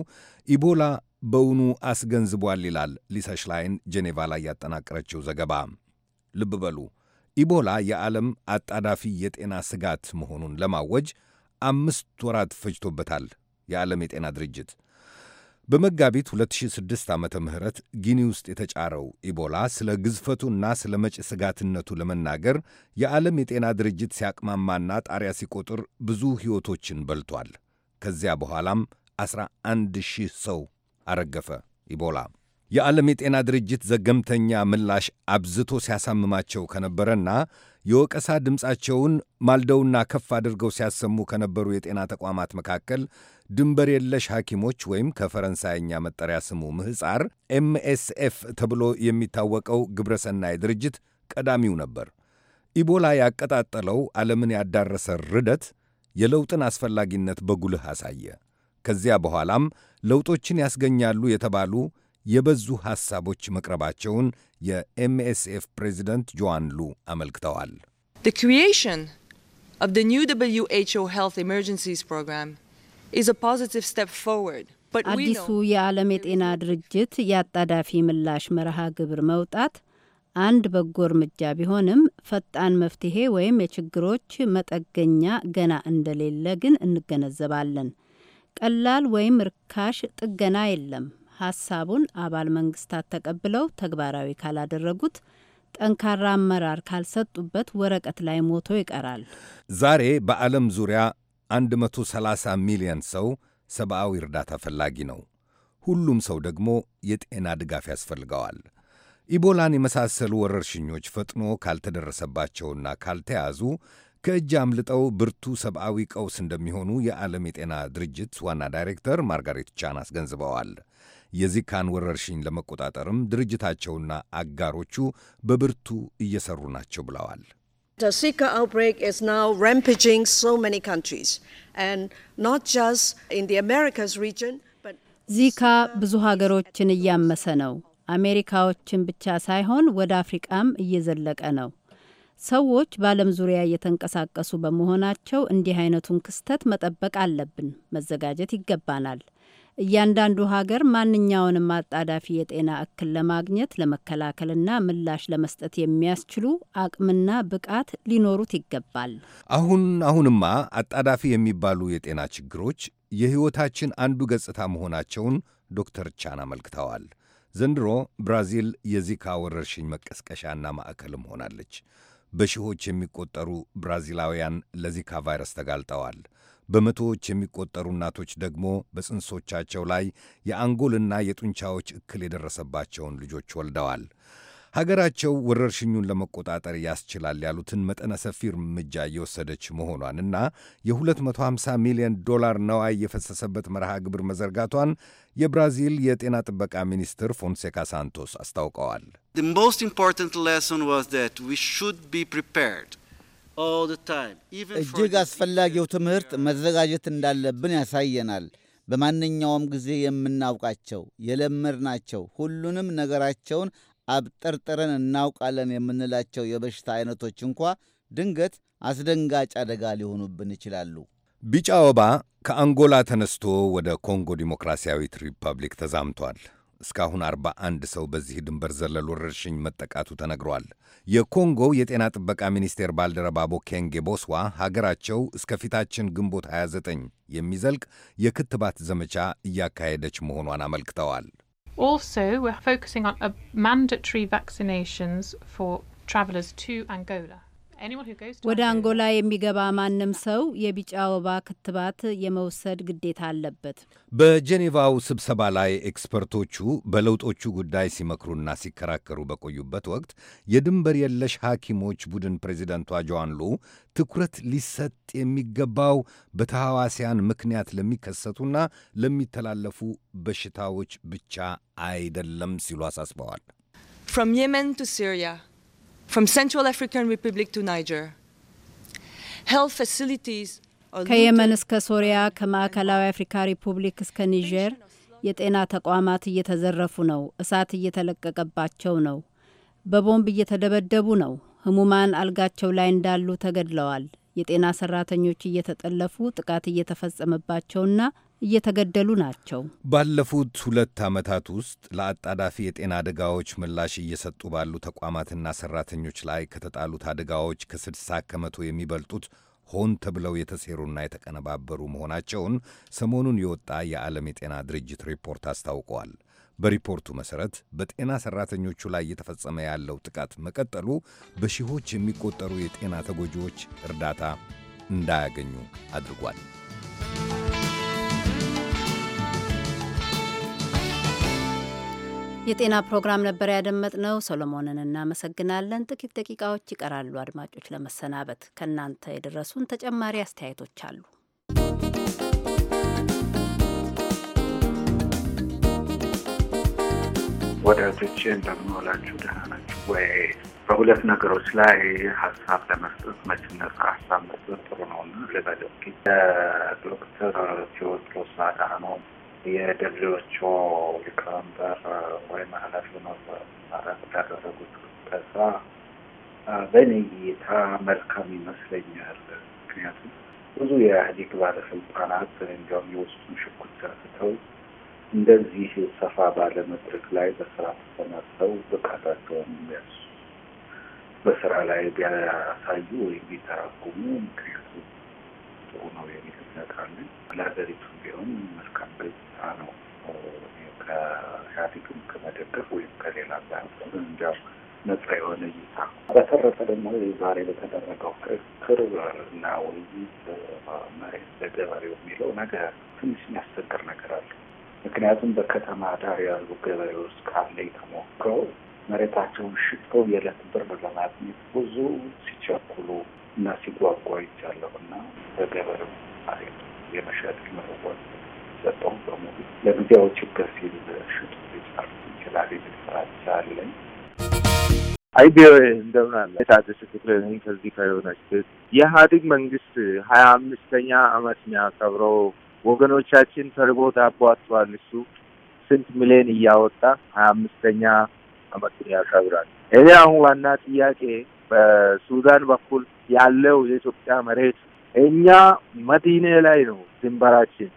ኢቦላ በውኑ አስገንዝቧል ይላል ሊሳ ሽላይን ጄኔቫ ላይ ያጠናቀረችው ዘገባ። ልብ በሉ ኢቦላ የዓለም አጣዳፊ የጤና ስጋት መሆኑን ለማወጅ አምስት ወራት ፈጅቶበታል። የዓለም የጤና ድርጅት በመጋቢት 2006 ዓመተ ምህረት ጊኒ ውስጥ የተጫረው ኢቦላ ስለ ግዝፈቱና ስለ መጪ ስጋትነቱ ለመናገር የዓለም የጤና ድርጅት ሲያቅማማና ጣሪያ ሲቆጥር ብዙ ሕይወቶችን በልቷል። ከዚያ በኋላም 11 ሺህ ሰው አረገፈ ኢቦላ። የዓለም የጤና ድርጅት ዘገምተኛ ምላሽ አብዝቶ ሲያሳምማቸው ከነበረና የወቀሳ ድምፃቸውን ማልደውና ከፍ አድርገው ሲያሰሙ ከነበሩ የጤና ተቋማት መካከል ድንበር የለሽ ሐኪሞች ወይም ከፈረንሳይኛ መጠሪያ ስሙ ምህፃር ኤምኤስኤፍ ተብሎ የሚታወቀው ግብረሰናይ ድርጅት ቀዳሚው ነበር። ኢቦላ ያቀጣጠለው ዓለምን ያዳረሰ ርደት የለውጥን አስፈላጊነት በጉልህ አሳየ። ከዚያ በኋላም ለውጦችን ያስገኛሉ የተባሉ የበዙ ሐሳቦች መቅረባቸውን የኤምኤስኤፍ ፕሬዚደንት ጆዋን ሉ አመልክተዋል። አዲሱ የዓለም የጤና ድርጅት የአጣዳፊ ምላሽ መርሃ ግብር መውጣት አንድ በጎ እርምጃ ቢሆንም ፈጣን መፍትሄ ወይም የችግሮች መጠገኛ ገና እንደሌለ ግን እንገነዘባለን። ቀላል ወይም ርካሽ ጥገና የለም። ሀሳቡን አባል መንግስታት ተቀብለው ተግባራዊ ካላደረጉት ጠንካራ አመራር ካልሰጡበት ወረቀት ላይ ሞቶ ይቀራል። ዛሬ በዓለም ዙሪያ 130 ሚሊዮን ሰው ሰብአዊ እርዳታ ፈላጊ ነው። ሁሉም ሰው ደግሞ የጤና ድጋፍ ያስፈልገዋል። ኢቦላን የመሳሰሉ ወረርሽኞች ፈጥኖ ካልተደረሰባቸውና ካልተያዙ ከእጅ አምልጠው ብርቱ ሰብአዊ ቀውስ እንደሚሆኑ የዓለም የጤና ድርጅት ዋና ዳይሬክተር ማርጋሬት ቻን አስገንዝበዋል። የዚካን ወረርሽኝ ለመቆጣጠርም ድርጅታቸውና አጋሮቹ በብርቱ እየሰሩ ናቸው ብለዋል። ዚካ ብዙ ሀገሮችን እያመሰ ነው። አሜሪካዎችን ብቻ ሳይሆን ወደ አፍሪቃም እየዘለቀ ነው። ሰዎች በዓለም ዙሪያ እየተንቀሳቀሱ በመሆናቸው እንዲህ አይነቱን ክስተት መጠበቅ አለብን፣ መዘጋጀት ይገባናል። እያንዳንዱ ሀገር ማንኛውንም አጣዳፊ የጤና እክል ለማግኘት ለመከላከልና ምላሽ ለመስጠት የሚያስችሉ አቅምና ብቃት ሊኖሩት ይገባል። አሁን አሁንማ አጣዳፊ የሚባሉ የጤና ችግሮች የሕይወታችን አንዱ ገጽታ መሆናቸውን ዶክተር ቻን አመልክተዋል። ዘንድሮ ብራዚል የዚካ ወረርሽኝ መቀስቀሻና ማዕከልም ሆናለች። በሺዎች የሚቆጠሩ ብራዚላውያን ለዚካ ቫይረስ ተጋልጠዋል። በመቶዎች የሚቆጠሩ እናቶች ደግሞ በጽንሶቻቸው ላይ የአንጎልና የጡንቻዎች እክል የደረሰባቸውን ልጆች ወልደዋል። ሀገራቸው ወረርሽኙን ለመቆጣጠር ያስችላል ያሉትን መጠነ ሰፊ እርምጃ እየወሰደች መሆኗንና የ250 ሚሊዮን ዶላር ነዋይ የፈሰሰበት መርሃ ግብር መዘርጋቷን የብራዚል የጤና ጥበቃ ሚኒስትር ፎንሴካ ሳንቶስ አስታውቀዋል። እጅግ አስፈላጊው ትምህርት መዘጋጀት እንዳለብን ያሳየናል። በማንኛውም ጊዜ የምናውቃቸው የለመድናቸው ሁሉንም ነገራቸውን አብጠርጥረን እናውቃለን የምንላቸው የበሽታ አይነቶች እንኳ ድንገት አስደንጋጭ አደጋ ሊሆኑብን ይችላሉ። ቢጫ ወባ ከአንጎላ ተነስቶ ወደ ኮንጎ ዲሞክራሲያዊት ሪፐብሊክ ተዛምቷል። እስካሁን 41 ሰው በዚህ ድንበር ዘለል ወረርሽኝ መጠቃቱ ተነግሯል። የኮንጎ የጤና ጥበቃ ሚኒስቴር ባልደረባ ቦኬንጌ ቦስዋ ሀገራቸው እስከ ፊታችን ግንቦት 29 የሚዘልቅ የክትባት ዘመቻ እያካሄደች መሆኗን አመልክተዋል። Also, we're focusing on mandatory vaccinations for travellers to Angola. ወደ አንጎላ የሚገባ ማንም ሰው የቢጫ ወባ ክትባት የመውሰድ ግዴታ አለበት። በጄኔቫው ስብሰባ ላይ ኤክስፐርቶቹ በለውጦቹ ጉዳይ ሲመክሩና ሲከራከሩ በቆዩበት ወቅት የድንበር የለሽ ሐኪሞች ቡድን ፕሬዚደንቷ ጆዋን ሉ ትኩረት ሊሰጥ የሚገባው በተሐዋስያን ምክንያት ለሚከሰቱና ለሚተላለፉ በሽታዎች ብቻ አይደለም ሲሉ አሳስበዋል። From from Central African Republic to Niger. Health facilities ከየመን እስከ ሶሪያ ከማዕከላዊ አፍሪካ ሪፑብሊክ እስከ ኒጀር የጤና ተቋማት እየተዘረፉ ነው። እሳት እየተለቀቀባቸው ነው። በቦምብ እየተደበደቡ ነው። ህሙማን አልጋቸው ላይ እንዳሉ ተገድለዋል። የጤና ሰራተኞች እየተጠለፉ ጥቃት እየተፈጸመባቸውና እየተገደሉ ናቸው። ባለፉት ሁለት ዓመታት ውስጥ ለአጣዳፊ የጤና አደጋዎች ምላሽ እየሰጡ ባሉ ተቋማትና ሰራተኞች ላይ ከተጣሉት አደጋዎች ከ60 ከመቶ የሚበልጡት ሆን ተብለው የተሴሩና የተቀነባበሩ መሆናቸውን ሰሞኑን የወጣ የዓለም የጤና ድርጅት ሪፖርት አስታውቀዋል። በሪፖርቱ መሠረት በጤና ሠራተኞቹ ላይ እየተፈጸመ ያለው ጥቃት መቀጠሉ በሺዎች የሚቆጠሩ የጤና ተጎጂዎች እርዳታ እንዳያገኙ አድርጓል። የጤና ፕሮግራም ነበር ያደመጥነው። ሰሎሞንን እናመሰግናለን። ጥቂት ደቂቃዎች ይቀራሉ አድማጮች ለመሰናበት። ከእናንተ የደረሱን ተጨማሪ አስተያየቶች አሉ። ወዳጆቼ እንደምንውላችሁ ደህና ናችሁ ወይ? በሁለት ነገሮች ላይ ሀሳብ ለመስጠት መችነት ከሀሳብ መስጠት ጥሩ ነው እና ልበል እስኪ ዶክተር ቴዎድሮስ አድሃኖም የደብሊውኤችኦ ሊቀመንበር ወይም ኃላፊ ነው ማለት ያደረጉት ገዛ በእኔ እይታ መልካም ይመስለኛል። ምክንያቱም ብዙ የኢህአዴግ ባለስልጣናት እንዲሁም የውስጡን ሽኩት ዘርግተው እንደዚህ ሰፋ ባለ መድረክ ላይ በስራ ተሰማርተው ብቃታቸውን የሚያሱ በስራ ላይ ቢያሳዩ ወይም ቢተራጉሙ ምክንያቱም ጥሩ ነው የሚል ነገር አለኝ። ለሀገሪቱም ቢሆን መልካም ገጽ የመጣ ነው። ከኢህአዴግም ከመደገፍ ወይም ከሌላ ጋር እንዲያው ነጻ የሆነ እይታ። በተረፈ ደግሞ ዛሬ በተደረገው ክርክር እና ውይይት መሬት ለገበሬው የሚለው ነገር ትንሽ የሚያስቸግር ነገር አለ። ምክንያቱም በከተማ ዳር ያሉ ገበሬዎች ካለ የተሞክረው መሬታቸውን ሽጠው የዕለት ብር ለማግኘት ብዙ ሲቸኩሉ እና ሲጓጓ ይቻለሁ እና በገበሬው የመሸጥ መለወጥ የሚሰጠው በሙሉ ለጊዜያዊ ችግር ሲል ሽጡ ሊጨርሱ ይችላል የሚል ፍራቻ አለኝ። አይ ቢኦኤ እንደምን አለ የታደሰ ክፍለ ነኝ ከዚህ ከዩናይትድ ስቴትስ። የኢህአዴግ መንግስት ሀያ አምስተኛ አመት የሚያከብረው ወገኖቻችን ተርቦ ዳቦ አጥተዋል። እሱ ስንት ሚሊዮን እያወጣ ሀያ አምስተኛ አመቱን ያከብራል። እኔ አሁን ዋና ጥያቄ በሱዳን በኩል ያለው የኢትዮጵያ መሬት እኛ መዲኔ ላይ ነው ድንበራችን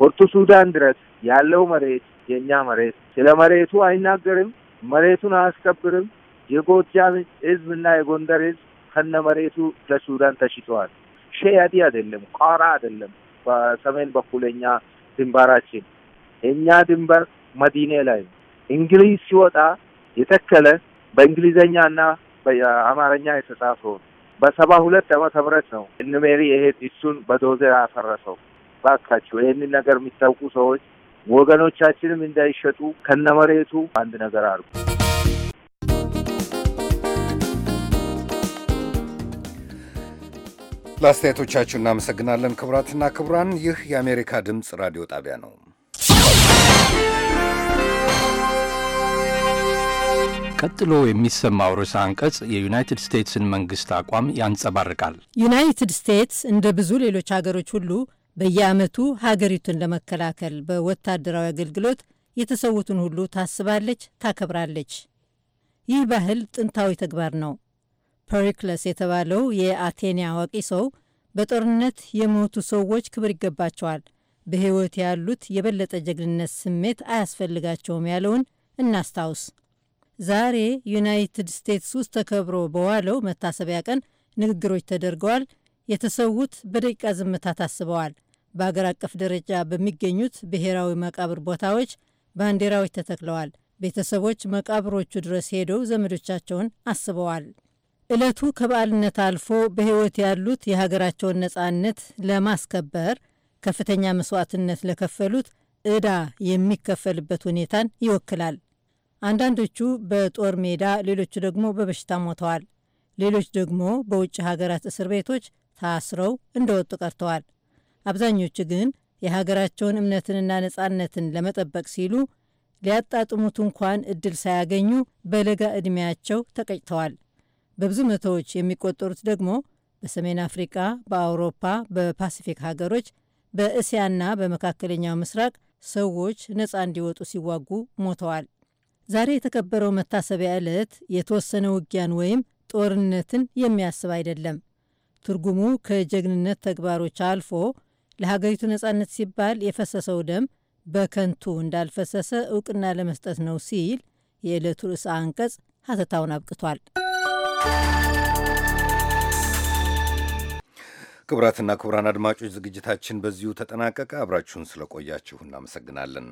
ፖርቱ ሱዳን ድረስ ያለው መሬት የእኛ መሬት። ስለ መሬቱ አይናገርም፣ መሬቱን አያስከብርም። የጎጃም ህዝብ እና የጎንደር ህዝብ ከነ መሬቱ ለሱዳን ተሽተዋል። ሸያዲ አይደለም፣ ቋራ አይደለም። በሰሜን በኩል የኛ ድንበራችን የእኛ ድንበር መዲኔ ላይ ነው። እንግሊዝ ሲወጣ የተከለ በእንግሊዘኛ እና በአማርኛ የተጻፈው በሰባ ሁለት ዓመተ ምህረት ነው እንሜሪ ይሄ እሱን በዶዘር አፈረሰው። ባካቸው ይህንን ነገር የሚታውቁ ሰዎች ወገኖቻችንም እንዳይሸጡ ከነመሬቱ አንድ ነገር አርጉ። ለአስተያየቶቻችሁ እናመሰግናለን። ክቡራትና ክቡራን፣ ይህ የአሜሪካ ድምፅ ራዲዮ ጣቢያ ነው። ቀጥሎ የሚሰማው ርዕሰ አንቀጽ የዩናይትድ ስቴትስን መንግስት አቋም ያንጸባርቃል። ዩናይትድ ስቴትስ እንደ ብዙ ሌሎች ሀገሮች ሁሉ በየዓመቱ ሀገሪቱን ለመከላከል በወታደራዊ አገልግሎት የተሰዉትን ሁሉ ታስባለች፣ ታከብራለች። ይህ ባህል ጥንታዊ ተግባር ነው። ፐሪክለስ የተባለው የአቴን አዋቂ ሰው በጦርነት የሞቱ ሰዎች ክብር ይገባቸዋል፣ በሕይወት ያሉት የበለጠ ጀግንነት ስሜት አያስፈልጋቸውም ያለውን እናስታውስ። ዛሬ ዩናይትድ ስቴትስ ውስጥ ተከብሮ በዋለው መታሰቢያ ቀን ንግግሮች ተደርገዋል። የተሰዉት በደቂቃ ዝምታ ታስበዋል። በአገር አቀፍ ደረጃ በሚገኙት ብሔራዊ መቃብር ቦታዎች ባንዲራዎች ተተክለዋል። ቤተሰቦች መቃብሮቹ ድረስ ሄደው ዘመዶቻቸውን አስበዋል። ዕለቱ ከበዓልነት አልፎ በሕይወት ያሉት የሀገራቸውን ነፃነት ለማስከበር ከፍተኛ መስዋዕትነት ለከፈሉት ዕዳ የሚከፈልበት ሁኔታን ይወክላል። አንዳንዶቹ በጦር ሜዳ፣ ሌሎቹ ደግሞ በበሽታ ሞተዋል። ሌሎች ደግሞ በውጭ ሀገራት እስር ቤቶች ታስረው እንደወጡ ቀርተዋል። አብዛኞቹ ግን የሀገራቸውን እምነትንና ነጻነትን ለመጠበቅ ሲሉ ሊያጣጥሙት እንኳን እድል ሳያገኙ በለጋ ዕድሜያቸው ተቀጭተዋል። በብዙ መቶዎች የሚቆጠሩት ደግሞ በሰሜን አፍሪካ፣ በአውሮፓ፣ በፓሲፊክ ሀገሮች፣ በእስያና በመካከለኛው ምስራቅ ሰዎች ነጻ እንዲወጡ ሲዋጉ ሞተዋል። ዛሬ የተከበረው መታሰቢያ ዕለት የተወሰነ ውጊያን ወይም ጦርነትን የሚያስብ አይደለም። ትርጉሙ ከጀግንነት ተግባሮች አልፎ ለሀገሪቱ ነጻነት ሲባል የፈሰሰው ደም በከንቱ እንዳልፈሰሰ እውቅና ለመስጠት ነው ሲል የዕለቱ ርዕሰ አንቀጽ ሀተታውን አብቅቷል። ክቡራትና ክቡራን አድማጮች ዝግጅታችን በዚሁ ተጠናቀቀ። አብራችሁን ስለቆያችሁ እናመሰግናለን።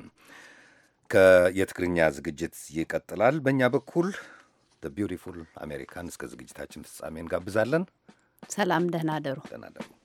የትግርኛ ዝግጅት ይቀጥላል። በእኛ በኩል ቢውቲፉል አሜሪካን እስከ ዝግጅታችን ፍጻሜ እንጋብዛለን። ሰላም፣ ደህና ደሩ።